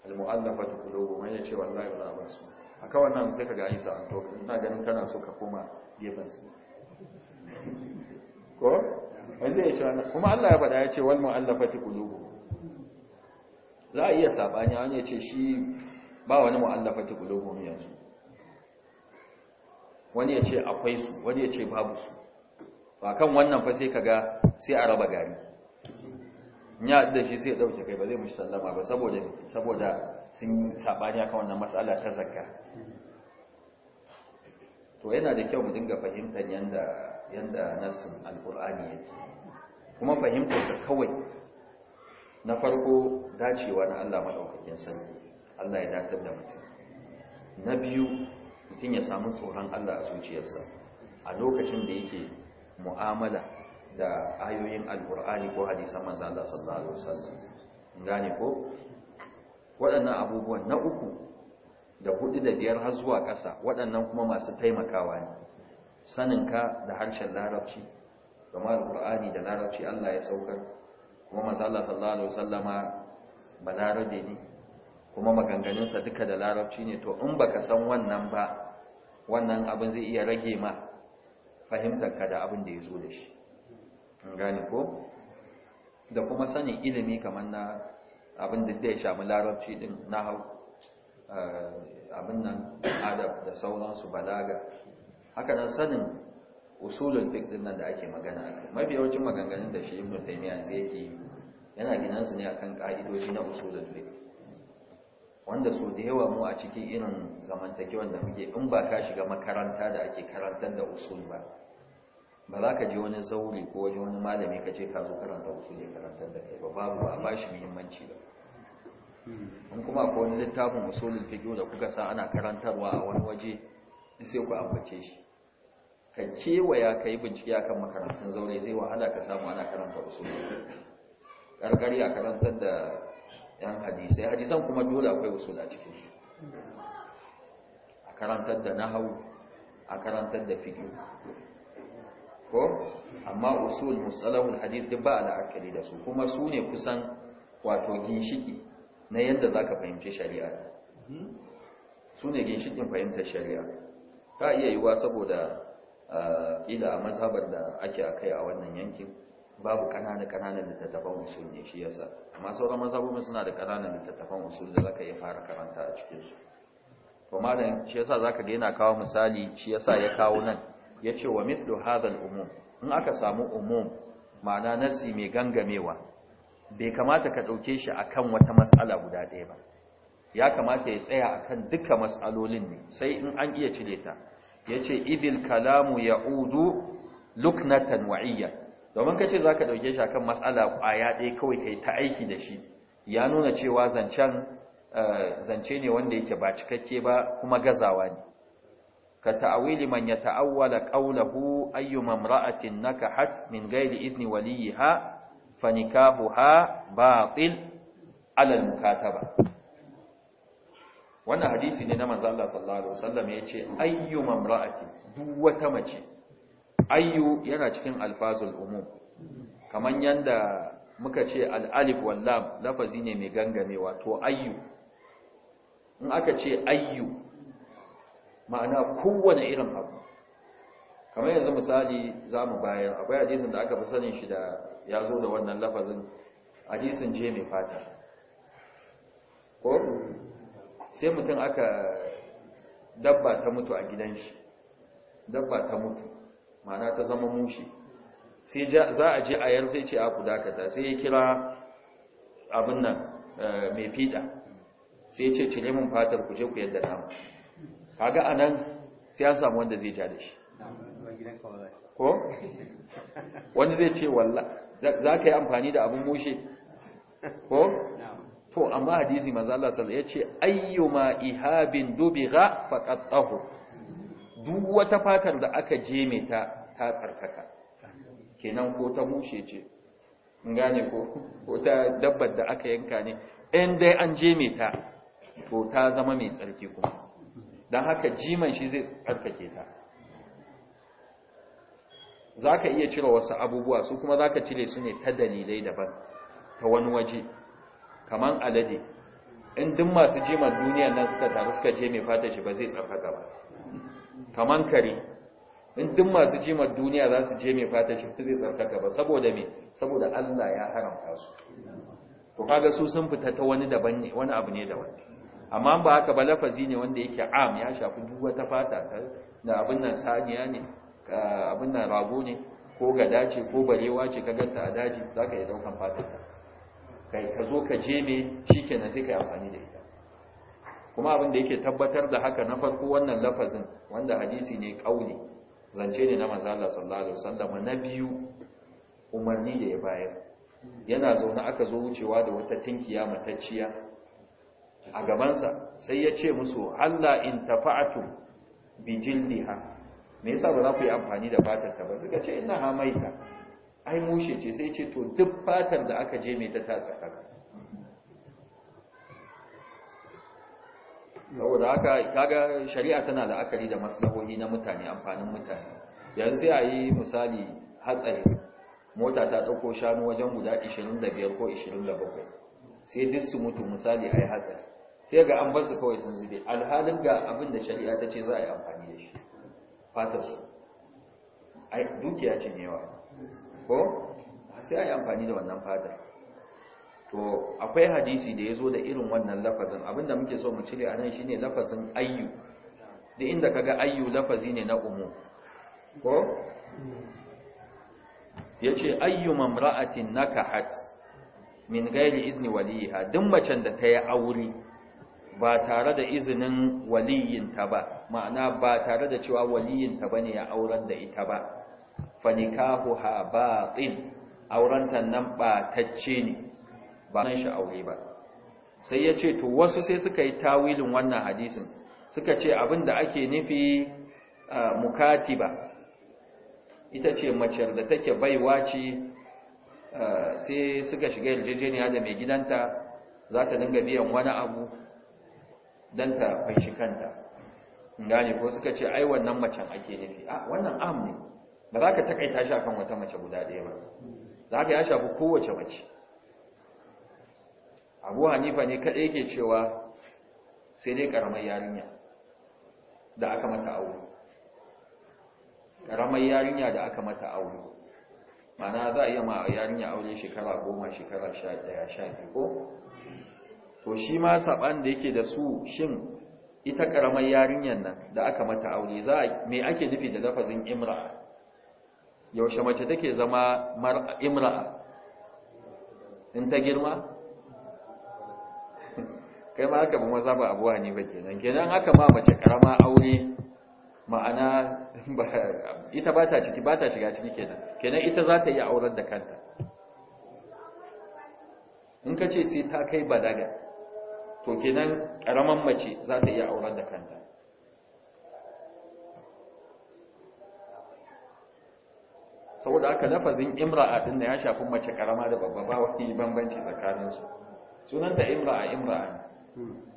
[SPEAKER 2] al-mu'allafatu qulubuhum ya ce wallahi wala ba su aka wannan sai kaga Isa an to ina ganin kana so ka koma gefen su ko wai zai yace wannan kuma Allah ya faɗa ya ce wal mu'allafati qulubuhum za a iya sabani wani ya ce shi ba wani mu'allafati qulubuhum yanzu wani ya ce akwai su wani ya ce babu su ba kan wannan fa sai kaga sai a raba gari ya da shi sai ya dauke kai ba zai mushi sallama ba saboda saboda sun sabani akan wannan matsala ta zakka to yana da kyau mu dinga fahimtar yanda yanda nasin alqur'ani yake kuma fahimtar sa kawai na farko dacewa na Allah madaukakin sarki Allah ya datar da mutum na biyu mutum ya samu tsoron Allah a zuciyarsa a lokacin da yake mu'amala da ayoyin alkur'ani ko hadisan manzo Allah sallallahu alaihi wasallam gane ko waɗannan abubuwan na uku da hudu da biyar har zuwa ƙasa waɗannan kuma masu taimakawa ne sanin ka da harshen larabci kuma alkur'ani da larabci Allah ya saukar kuma manzo Allah sallallahu alaihi wasallama balarabe ne kuma maganganunsa duka da larabci ne to in baka san wannan ba wannan abin zai iya rage ma fahimtar ka da abin da ya zo da shi gani ko da kuma sanin ilimi kamar na abin da ya shafi larabci din na hau eh, abin nan adab da sauransu balaga haka nan sanin usulun fiqh din nan da ake magana akai mafi yawancin maganganun da shi Ibn Taymiyyah yanzu yake yana ginansu ne ne akan ka'idoji na usulun fiqh wanda su da yawa mu a cikin irin zamantakewar da muke in ba ka shiga makaranta da ake karantar da usul ba ba za ka je wani zauri ko wani wani malami ka ce ka zo karanta wasu ne karantar da kai ba babu ba ba shi muhimmanci ba in kuma ko wani littafin usulul fiqh da kuka sa ana karantarwa a wani waje sai ku ambace shi ka kewaya ka yi bincike akan makarantun zaure zai wahala ka samu ana karanta usulul karkari a karantar da yan hadisai hadisan kuma dole akwai usul a cikin su a karantar da nahawu a karantar da fiqh ko amma usul musalahul hadis duk ba la'akari da su kuma su ne kusan wato ginshiki na yadda za ka fahimci shari'a su ne ginshikin fahimtar shari'a ta iya yiwuwa saboda ƙila a mazhabar da ake a kai a wannan yankin babu ƙananan-ƙananan littattafan usul ne shi yasa amma sauran mazhabobin suna da ƙananan littattafan usul da zaka iya fara karanta a cikinsu to malam shi yasa zaka ga yana kawo misali shi yasa ya kawo nan ya ce wa mitlu hadhal umum in aka samu umum ma'ana nasi mai gangamewa bai kamata ka ɗauke shi akan wata matsala guda ɗaya ba ya kamata ya tsaya akan duka matsalolin ne sai in an iya cire ta yace ibil kalamu ya ya'udu luknatan wa'iyya domin kace zaka dauke shi akan matsala ƙwaya ɗaya kawai kai ta aiki da shi ya nuna cewa zancen eh, zance ne wanda yake ba cikakke ba kuma gazawa ne ka ta'awili man ya ta'awala qawluhu ayyuma naka hat min ghairi idni ha fa nikahuha batil ala al-mukataba wannan hadisi ne na manzo sallallahu alaihi wasallam yace ayyuma imra'atin duk wata mace ayyu yana cikin alfazul umu kamar yanda muka ce al'alif wallab lafazi ne mai gangame. Wato ayyu in aka ce ayyu ma'ana kowane irin abu kamar yanzu misali za mu bayar akwai hadisin da aka fi sanin shi da ya zo da wannan lafazin hadisin je mai fata ko sai mutum aka dabba ta mutu a gidan shi dabba ta mutu ma'ana ta zama mushi sai za a je a yan sai ce a ku dakata sai ya kira abin nan eh, mai fiɗa sai ce cire mun fatar ku je ku yadda namu kaga anan sai an samu wanda zai ja da shi
[SPEAKER 1] ko wani zai ce walla
[SPEAKER 2] za ka yi amfani da abin mushe
[SPEAKER 1] ko to amma hadisi
[SPEAKER 2] manzo Allah sallallahu alaihi wasallam yace ayyuma ihabin dubiga faqad duk wata fatar da aka je ta ta tsarkaka kenan ko ta mushe ce gane ko ko ta dabbar da aka yanka ne in dai an jeme ta to ta zama mai tsarki kuma don haka jiman shi zai tsarkake ta za ka iya cire wasu abubuwa su kuma za ka cire su ne ta dalilai daban ta wani waje kamar alade in din masu jiman duniya nan suka taru suka je mai fata shi ba zai tsarkaka ba kamar kare in din masu jiman duniya za su je mai fata shi zai tsarkaka ba saboda me saboda Allah ya haramta su to kaga su sun fita ta wani daban ne wani abu ne da wani. amma ba haka ba lafazi ne wanda yake am ya shafi duk wata fata da abin nan saniya ne abin nan rago ne ko gada ce ko barewa ce ka ganta a daji za ka iya daukan fatar ta kai ka zo ka je me shikenan sai ka yi amfani da ita kuma abin da yake tabbatar da haka na farko wannan lafazin wanda hadisi ne kauli zance ne na manzo Allah sallallahu alaihi wasallam na biyu umarni da ya bayar yana zaune aka zo wucewa da wata tinkiya matacciya a gabansa sai ya ce musu Allah in tafa'atu bi jildiha me yasa ba za ku yi amfani da fatar ta ba suka ce inna hamaita ai mushe ce sai ce to duk fatar da aka je mai ta tatsa kaka saboda haka kaga shari'a tana da akari da maslahohi na mutane amfanin mutane yanzu sai a yi misali hatsari mota ta dauko shanu wajen guda 25 ko 27 sai duk su mutu misali ai hatsari sai ga an basu kawai sun zube alhalin ga abin da shari'a ta ce za a yi amfani da shi fatar su dukiya ce mewa, ko sai a yi amfani da wannan fatar to akwai hadisi da ya zo da irin wannan lafazin abinda muke so mu cire a nan shine lafazin ayyu da inda kaga ayyu lafazi ne na umu ko Ya ce ayyu mamra'atin hat min izini izni waliha duk macen da ta yi aure ba tare da izinin waliyinta ba ma'ana ba tare da cewa waliyinta bane ya auren da ita ba fa nikahuha ɗin aurenta nan tacce ne ba nan shi aure ba sai ya ce to wasu sai suka yi tawilin wannan hadisin suka ce da ake nufi mukatiba ita ce maciyar da take baiwa ce sai suka shiga yarjejeniya da mai gidanta za ta dinga biyan wani abu Dan ta fanshi kanta gane ko suka ce ai wannan macen ake nufi a ah, wannan am ne ba za ka takaita shi akan wata mace guda ɗaya ba za ka ya shafi kowace mace abu hanifa ne kaɗai ke cewa sai dai ƙaramar yarinya da aka mata aure ƙaramar yarinya da aka mata aure mana za a iya ma yarinya aure shekara goma shekara sha ɗaya sha ko to shi ma saban da yake da su shin ita karamar yarinyar nan da aka mata aure za a me ake nufi da lafazin imra yaushe mace take zama imra in ta girma kai ma haka ba maza ba abuwa ne ba kenan kenan haka ma mace karama aure ma'ana ita ba ta ciki ba ta shiga ciki kenan kenan ita za ta yi auren da kanta in ka ce sai ta kai balaga to kenan ƙaraman mace za ta iya aurar da kanta saboda haka lafazin imra'a din da ya shafi mace karama da babba ba wani bambanci tsakaninsu sunanta imra'a imra'a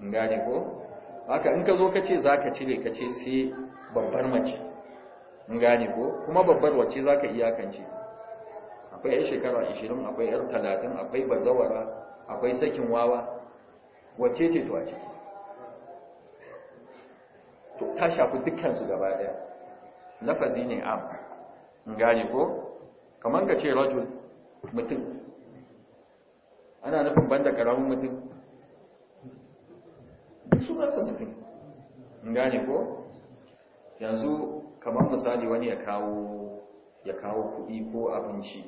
[SPEAKER 2] in gane ko haka in ka zo ka ce za ka cire ka ce sai babbar mace in gane ko kuma babbar wacce za ka iyakance akwai 'yar shekara 20 akwai 'yar 30 akwai bazawara akwai sakin wawa Wace ce to a ciki to ta shafi dukkansu gaba daya lafazi ne am in gane ko kamar ka ce rajul mutum ana nufin banda karamin mutum
[SPEAKER 1] sunansa mutum
[SPEAKER 2] in gane ko yanzu kamar misali wani ya kawo ya kawo kuɗi ko abinci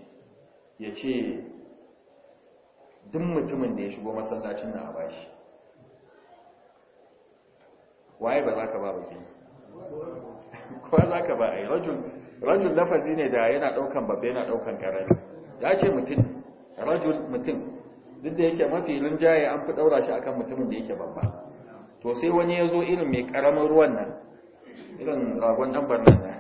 [SPEAKER 2] ya ce duk mutumin da ya shigo masallacin na a bashi waye ba za ka ba bakin
[SPEAKER 1] kowa za ka ba a yi rajul
[SPEAKER 2] lafazi ne da yana ɗaukan babbe, yana ɗaukan ƙarami ya ce mutum rajul mutum duk da yake mafi rinjaye an fi ɗaura shi akan mutumin da yake babba to sai wani ya zo irin mai karamin ruwan nan irin ragon ɗanbar nan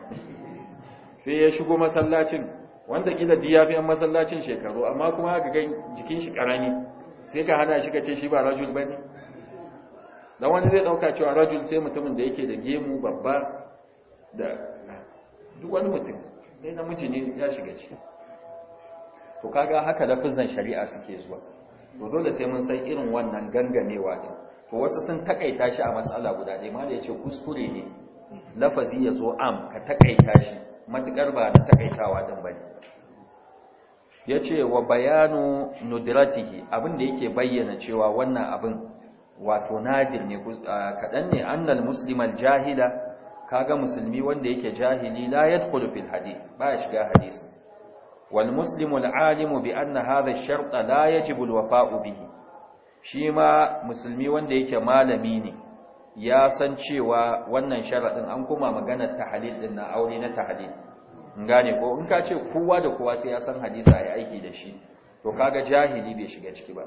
[SPEAKER 2] sai ya shigo masallacin wanda kila diya fi masallacin shekaru amma kuma ga gan jikin shi ƙarami sai ka hana shi ka ce shi ba rajul ba ne da wani zai dauka cewa rajul sai mutumin da yake da gemu babba da duk wani mutum dai namiji ne ya shiga ciki to kaga haka lafizan shari'a suke zuwa to dole sai mun san irin wannan gangamewa din to wasu sun takaita shi a matsala guda ɗaya ma da yace kuskure ne lafazi ya zo am ka takaita shi matukar ba da takaitawa din bane yace wa bayanu nudratihi abin da yake bayyana cewa wannan abin wato nadir ne kaɗan ne annal muslimal jahila kaga musulmi wanda yake jahili la yadkhulu fil hadith ba shiga hadisi wal muslimul alimu bi anna hadha ash-shart la yajibu al-wafa'u bihi shi ma musulmi wanda yake malami ne ya san cewa wannan sharadin an kuma maganar tahlil din na aure na tahlil gane ko in ka ce kowa da kowa sai ya san hadisi ya aiki da shi to kaga jahili bai shiga ciki ba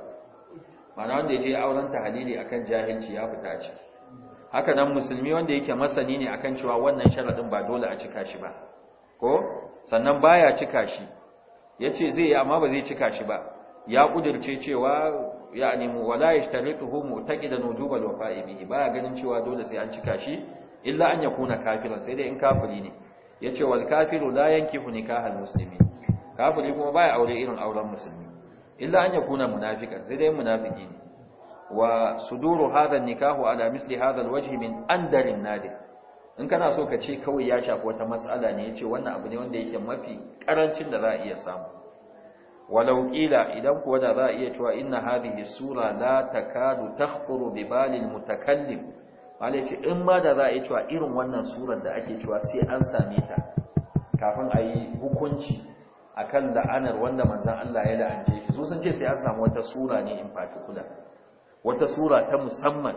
[SPEAKER 2] mana wanda ya je auren tahalili akan jahilci ya fita ci haka nan musulmi wanda yake masani ne akan cewa wannan sharadin ba dole a cika shi ba ko sannan baya cika shi yace zai yi amma ba zai cika shi ba ya kudirce cewa yani mu wala yashtarituhu mu'taqidan wujubal wafa'i bihi baya ganin cewa dole sai an cika shi illa an yakuna kafiran sai dai in kafiri ne yace wal kafiru la yankihu nikahal muslimin kafiri kuma baya aure irin auren musulmi illa an yakuna munafiqan zai dai munafiki ne wa suduru hadha nikahu ala misli hadha alwajhi min andarin nadir in kana so ka ce kawai ya shafi wata matsala ne yace wannan abu ne wanda yake mafi karancin da za a iya samu walau idan kuwa da za a iya cewa inna hadhihi sura la takadu takhthuru bi balil mutakallim malai ce in ma da za a iya cewa irin wannan surar da ake cewa sai an same ta kafin a yi hukunci akan la'anar wanda manzon Allah ya la'anje su sun ce sai an samu wata sura ne in particular wata sura ta musamman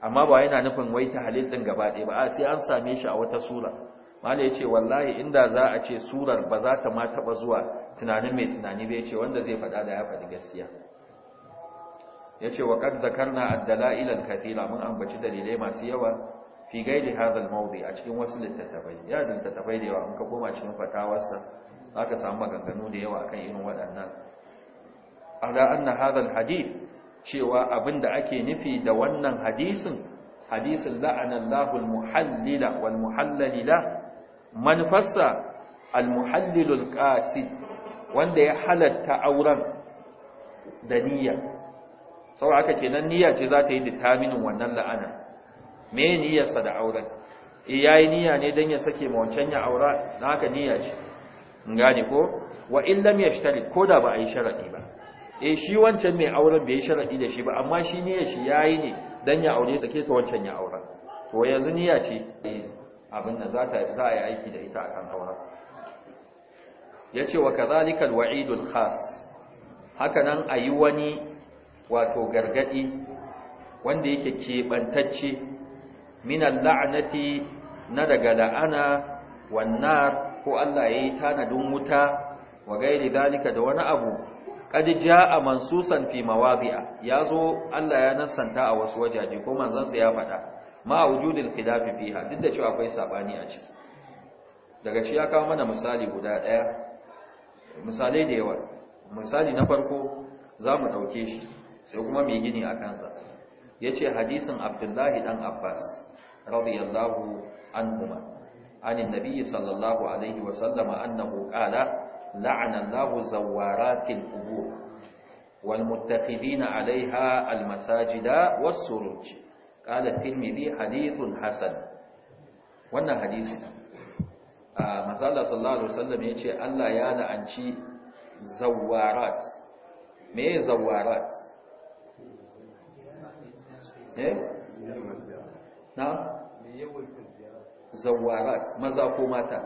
[SPEAKER 2] amma ba yana nufin wai ta halittin gaba ɗaya ba a sai an same shi a wata sura mala ya ce wallahi inda za a ce surar ba za ta ma taɓa zuwa tunanin mai tunani bai ce wanda zai faɗa da ya faɗi gaskiya ya ce wa ƙad zakarna addala'ilan kafila mun ambaci dalilai masu yawa fi gaili hadal maudi a cikin wasu littattafai ya littattafai da yawa in ka koma cikin fatawarsa za ka samu maganganu da yawa akan irin waɗannan ala anna hadha alhadith cewa abinda ake nufi da wannan hadisin hadisin la'anallahu almuhallila walmuhallalila manfassa almuhallilul qasid wanda ya halatta auren da niyya sau aka ce nan niyya ce za ta yi determinin wannan la'ana me niyyarsa da auren e eh, yayi niyya ne don ya sake mawancan ya aura na haka niyya ce gane ko wa illam ya ko da ba a yi sharaɗi ba eh shi wancan mai auren bai sharadi da shi ba amma shi ne ya shi yayi ne dan ya aure sake ta wancan ya aura to yanzu niyya ce eh, abin da za ta za a yi aiki da ita akan aura yace wa kadhalika alwa'idul khas haka nan ayi wani wato gargadi wanda yake kebantacce min al na daga la'ana wannan ko Allah yayi tanadin wuta wa gairi dalika da wani abu qad jaa mansusan fi mawadi'a yazo Allah ya nasanta a wasu wajaje ko manzon sa ya faɗa ma wujudul khilaf fiha duk da cewa akwai sabani a ciki daga ci ya kawo mana misali guda daya misalai da yawa misali na farko zamu dauke shi sai kuma mai gini a kansa yace hadisin Abdullahi dan Abbas radiyallahu anhuma anin nabiyyi sallallahu alaihi wa annahu qala la'ana Allahu zawaratil qubur wal muttaqidina 'alayha al masajida was suruj qala wannan hadisi a masala sallallahu alaihi wasallam yace Allah ya la'anci zawarat me zawarat eh na zawarat maza ko mata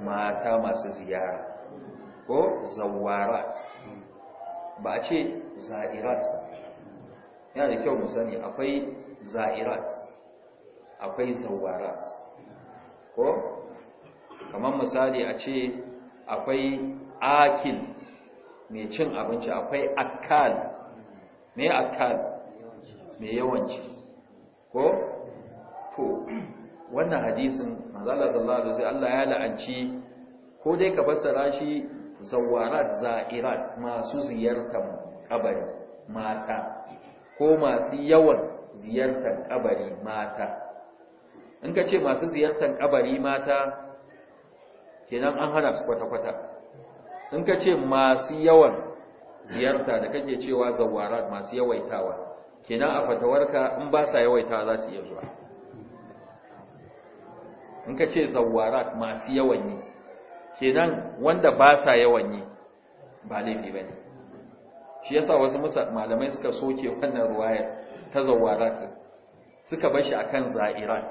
[SPEAKER 2] mata masu ziyara ko zawarat ba a ce za'irat yana da kyau mu sani akwai za'irat akwai zawarat ko kamar misali a ce akwai akil mai cin abinci akwai akal mai akal mai yawanci ko to wannan hadisin manzala da zai Allah ya la'anci ko dai ka fassara shi zawarat za'irat masu ziyartar kabari mata ko masu yawan ziyartar kabari mata in ka ce masu ziyartar kabari mata kenan an hana su kwata-kwata in ka ce masu yawan ziyarta da kake cewa zawarat masu yawaitawa kenan a fatawarka in ba sa yawaitawa za su iya zuwa in ka ce zawarat masu yawan ne kenan wanda ba sa yawan yi ba laifi ba ne. shi yasa wasu malamai suka soke wannan ruwayar ta zawarat suka bar shi akan za'irat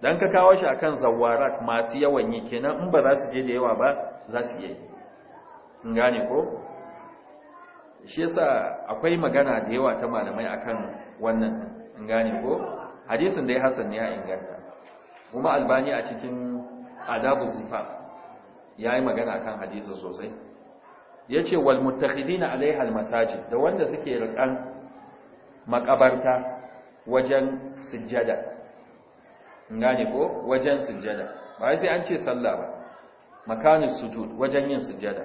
[SPEAKER 2] dan ka kawo shi akan zawarat masu yawan yi kenan in ba za su je da yawa ba za su yi in gane ko shi yasa akwai magana da yawa ta malamai akan wannan in gane ko hadisin dai hasan ya inganta kuma albani a cikin adabu zifa ya yi magana kan hadisa sosai ya ce wal mutakhidina alaiha almasajid da wanda suke rikan makabarta wajen sujjada gane ko wajen sujjada ba sai an ce sallah ba makanin sujud wajen yin sujjada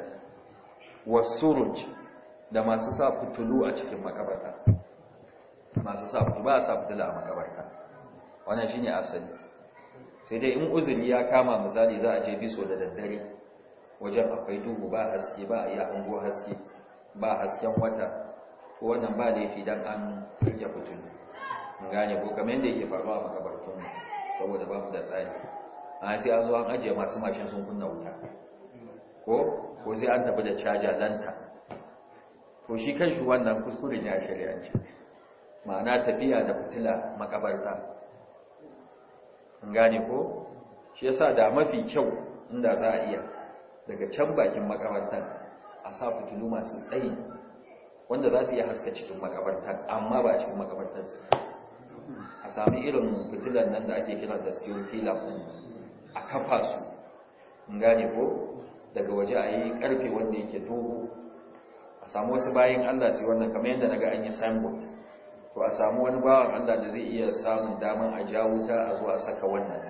[SPEAKER 2] wasuruj da masu sa fitulu a cikin makabarta masu sa fitulu ba sa fitulu a makabarta wannan shine asali sai dai in uzuri ya kama misali za a je biso da daddare wajen akwai duhu ba haske ba a yi hango haske ba hasken wata ko wannan ba laifi don an furke fitinu gane ko kamar yadda yake faruwa a makabartun mu saboda ba mu da tsari a sai an zo an ajiye masu mashin sun kunna wuta ko ko sai an tafi da caja lanta to shi shi wannan kuskuren ya shari'anci ma'ana tafiya da fitila makabarta gane ko shi yasa da mafi kyau inda za a iya daga can bakin makabartar a sa fitilu masu tsayi wanda za su iya haska cikin makabartar amma ba a cikin makabartar a sami irin fitilan nan da ake kira da security a kafa su gane ko daga waje a yi karfe wanda yake dogo a samu wasu bayan Allah su wannan kamar yadda naga an yi signboard to a samu wani bawan Allah da zai iya samun damar a wuta a zuwa saka wannan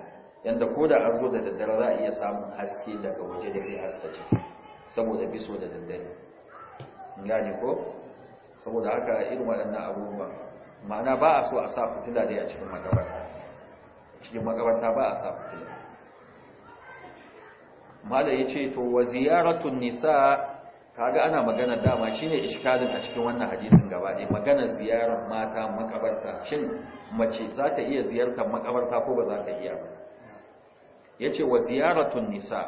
[SPEAKER 2] yanda ko da an zo da daddare za a iya samun haske daga waje da zai haska ciki saboda biso da daddare ne ko saboda haka irin waɗannan abubuwan ma'ana ba a so a sa fitila dai a cikin makabarta cikin makabarta ba a sa fitila mala ce to wa ziyaratun nisa kaga ana magana dama shine iskalin a cikin wannan hadisin gaba ɗaya magana ziyarar mata makabarta shin mace za ta iya ziyartar makabarta ko ba za ta iya ba Ya ce wa ziyaratun nisa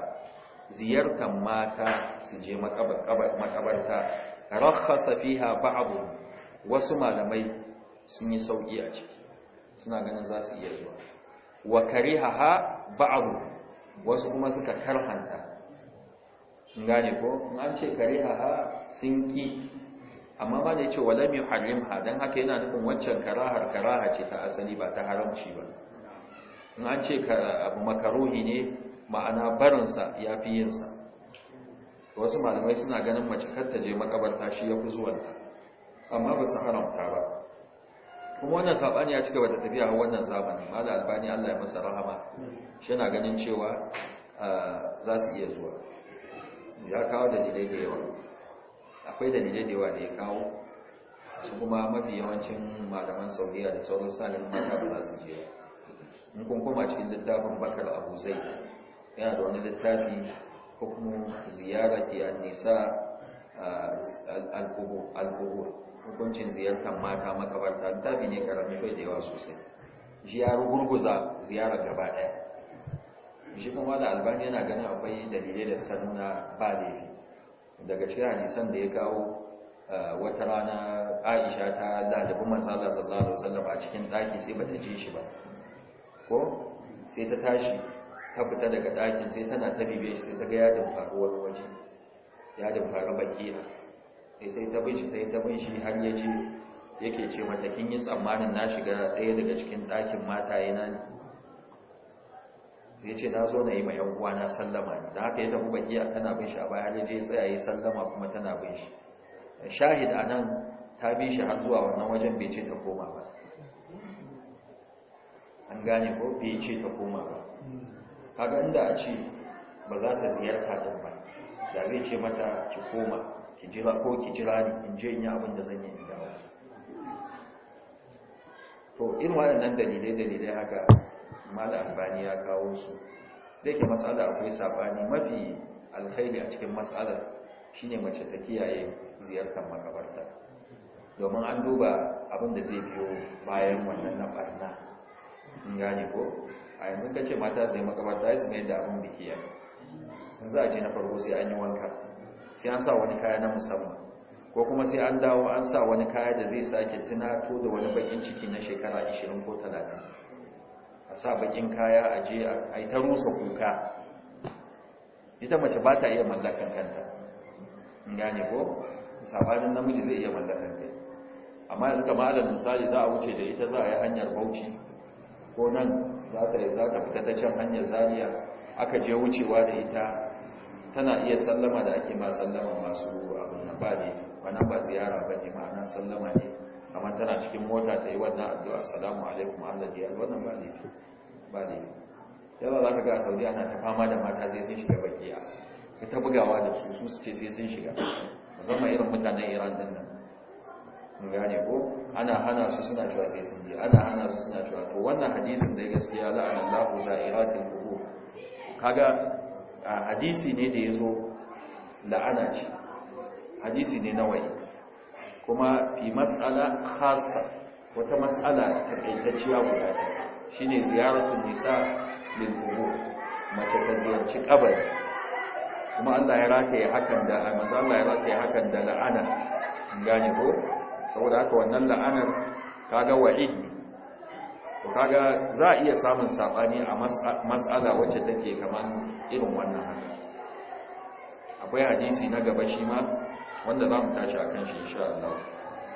[SPEAKER 2] ziyartan mata su je makabarta rakhasa fiha ba'abu, wasu malamai sun yi sauki a ciki suna ganin za su iya zuwa wa karihaha ba'abu wasu kuma suka karhanta gane ko an ce ha sun ki amma ba ce ya ce walam ha, dan haka yana nufin waccan karahar karaha ce ta asali ba ta haramci ba in an ce abu makaruhi ne ma'ana barinsa ya fi yinsa wasu malamai suna ganin mace ta je makabarta shi ya fi zuwanta amma ba su haramta ba kuma wannan saɓani ya cika wata tafiya a wannan zamanin ma da albani allah ya masa rahama shi na ganin cewa za su iya zuwa ya kawo dalilai da yawa akwai dalilai da yawa da ya kawo su kuma mafi yawancin malaman sauriya da sauran sanin mata ba za su je ba in kun koma cikin littafin bakar abu zai yana da wani littafi hukumu ke an-nisa alkohol hukuncin ziyartar mata makabarta littafi ne karami kai da yawa sosai shi ya rugurguza ziyarar gaba daya shi kuma da albani yana ganin akwai dalilai da suka nuna ba laifi daga cikin hadisan da ya kawo wata rana aisha ta lalabi manzala sallallahu alaihi wasallam a cikin daki sai bata ji shi ba ko sai ta tashi ta fita daga ɗakin sai tana ta bibe shi sai ta ga yadin faru wani waje ya dimfaru na. sai ta yi ta bin shi sai ta bin shi har ya ce yake ce mata kin yi tsammanin na shiga ɗaya daga cikin ɗakin mata yana ne ya ce na zo na yi mai yankuwa na sallama ne da haka ya tafi baki a tana bin shi a baya da je tsaya yi sallama kuma tana bin shi shahid a nan ta bi shi har zuwa wannan wajen bai ce ta koma ba an gane ko bai ce ta koma ba kaga inda a ce ba za ta ziyarta din ba da zai ce mata ki koma ki jira ko ki jira ni in je in yi abin da zan yi in dawo to in waɗannan dalilai dalilai haka malam albani ya kawo su da yake matsala akwai sabani mafi alkhairi a cikin matsalar shine mace ta kiyaye ziyartar makabarta domin an duba abin da zai biyo bayan wannan na barna in gane ko a yanzu ka ce mata zai makabarta ya zama da abin biki ya za a je na farko sai an yi wanka sai an sa wani kaya na musamman ko kuma sai an dawo an sa wani kaya da zai sake tunato da wani bakin ciki na shekara 20 ko 30 a sa bakin kaya a je a yi ta rusa kuka ita mace ba ta iya mallakan kanta in gane ko sabanin namiji zai iya mallakan kai amma yanzu kamar alal misali za a wuce da ita za a yi hanyar bauchi ko nan za ka fita ta can hanyar zariya aka je wucewa da ita tana iya sallama da ake ma sallama masu abin na ba ne wani ba ziyara ba ne ma'ana sallama ne amma tana cikin mota ta yi wannan addu'a salamu alaikum Allah ya wannan ba ne ba ne yawa za ka ga a saudi ana ta fama da mata sai sun shiga bakiya ka ta bugawa da su su ce sai sun shiga musamman irin mutanen iran din nan gane ko ana hana su suna cewa sai sun je ana hana su suna cewa to wannan hadisin da Allah la'anallahu za'iratul qubur kaga hadisi ne da yazo la'ana ce hadisi ne na wai. kuma fi mas'ala khassa wata mas'ala ta kaitacciya guda ta shine ziyaratul nisa lil qubur mace ta ziyarci kabari kuma Allah ya rataye hakan da manzo Allah ya rataye hakan da la'ana gane ko saboda haka wannan la'anar kaga wa'id ne to kaga za a iya samun sabani a mas'ala wacce take kaman irin wannan haka akwai hadisi na gaba shi ma wanda za mu tashi akan shi insha Allah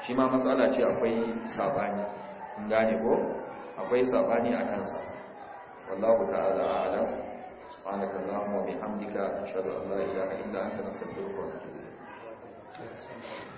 [SPEAKER 2] shi ma mas'ala ce akwai sabani in gane ko akwai sabani a kansa wallahu ta'ala a'lam سبحانك اللهم وبحمدك اشهد ان لا اله الا illa anta astaghfiruka اليك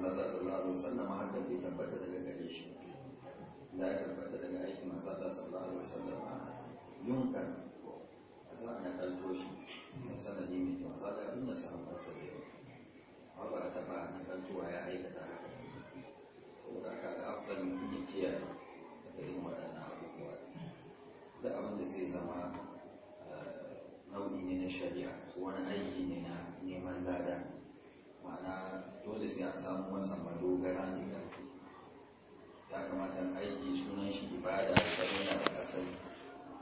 [SPEAKER 1] manzon Allah sallallahu alaihi wasallam hakan bai tabbata daga gare shi da ya tabbata daga aiki manzon Allah sallallahu alaihi wasallam yunkan a za a nakalto shi da sanadi mai kyau za da abin da sahabban da yau amma ba a taɓa nakaltowa ya aikata haka saboda haka da afdal mutum ya kiyaye daga irin waɗannan abubuwa da abin da zai zama eh, nau'i ne na shari'a wani aiki ne na neman lada ma'ana dole sai an samu masa madogara ne ku ya kamata aiki sunan shi ibada da sabon da kasar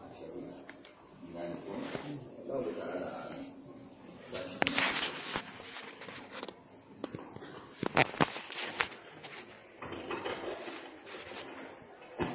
[SPEAKER 1] a shari'a ne ko Allah ta'ala ba shi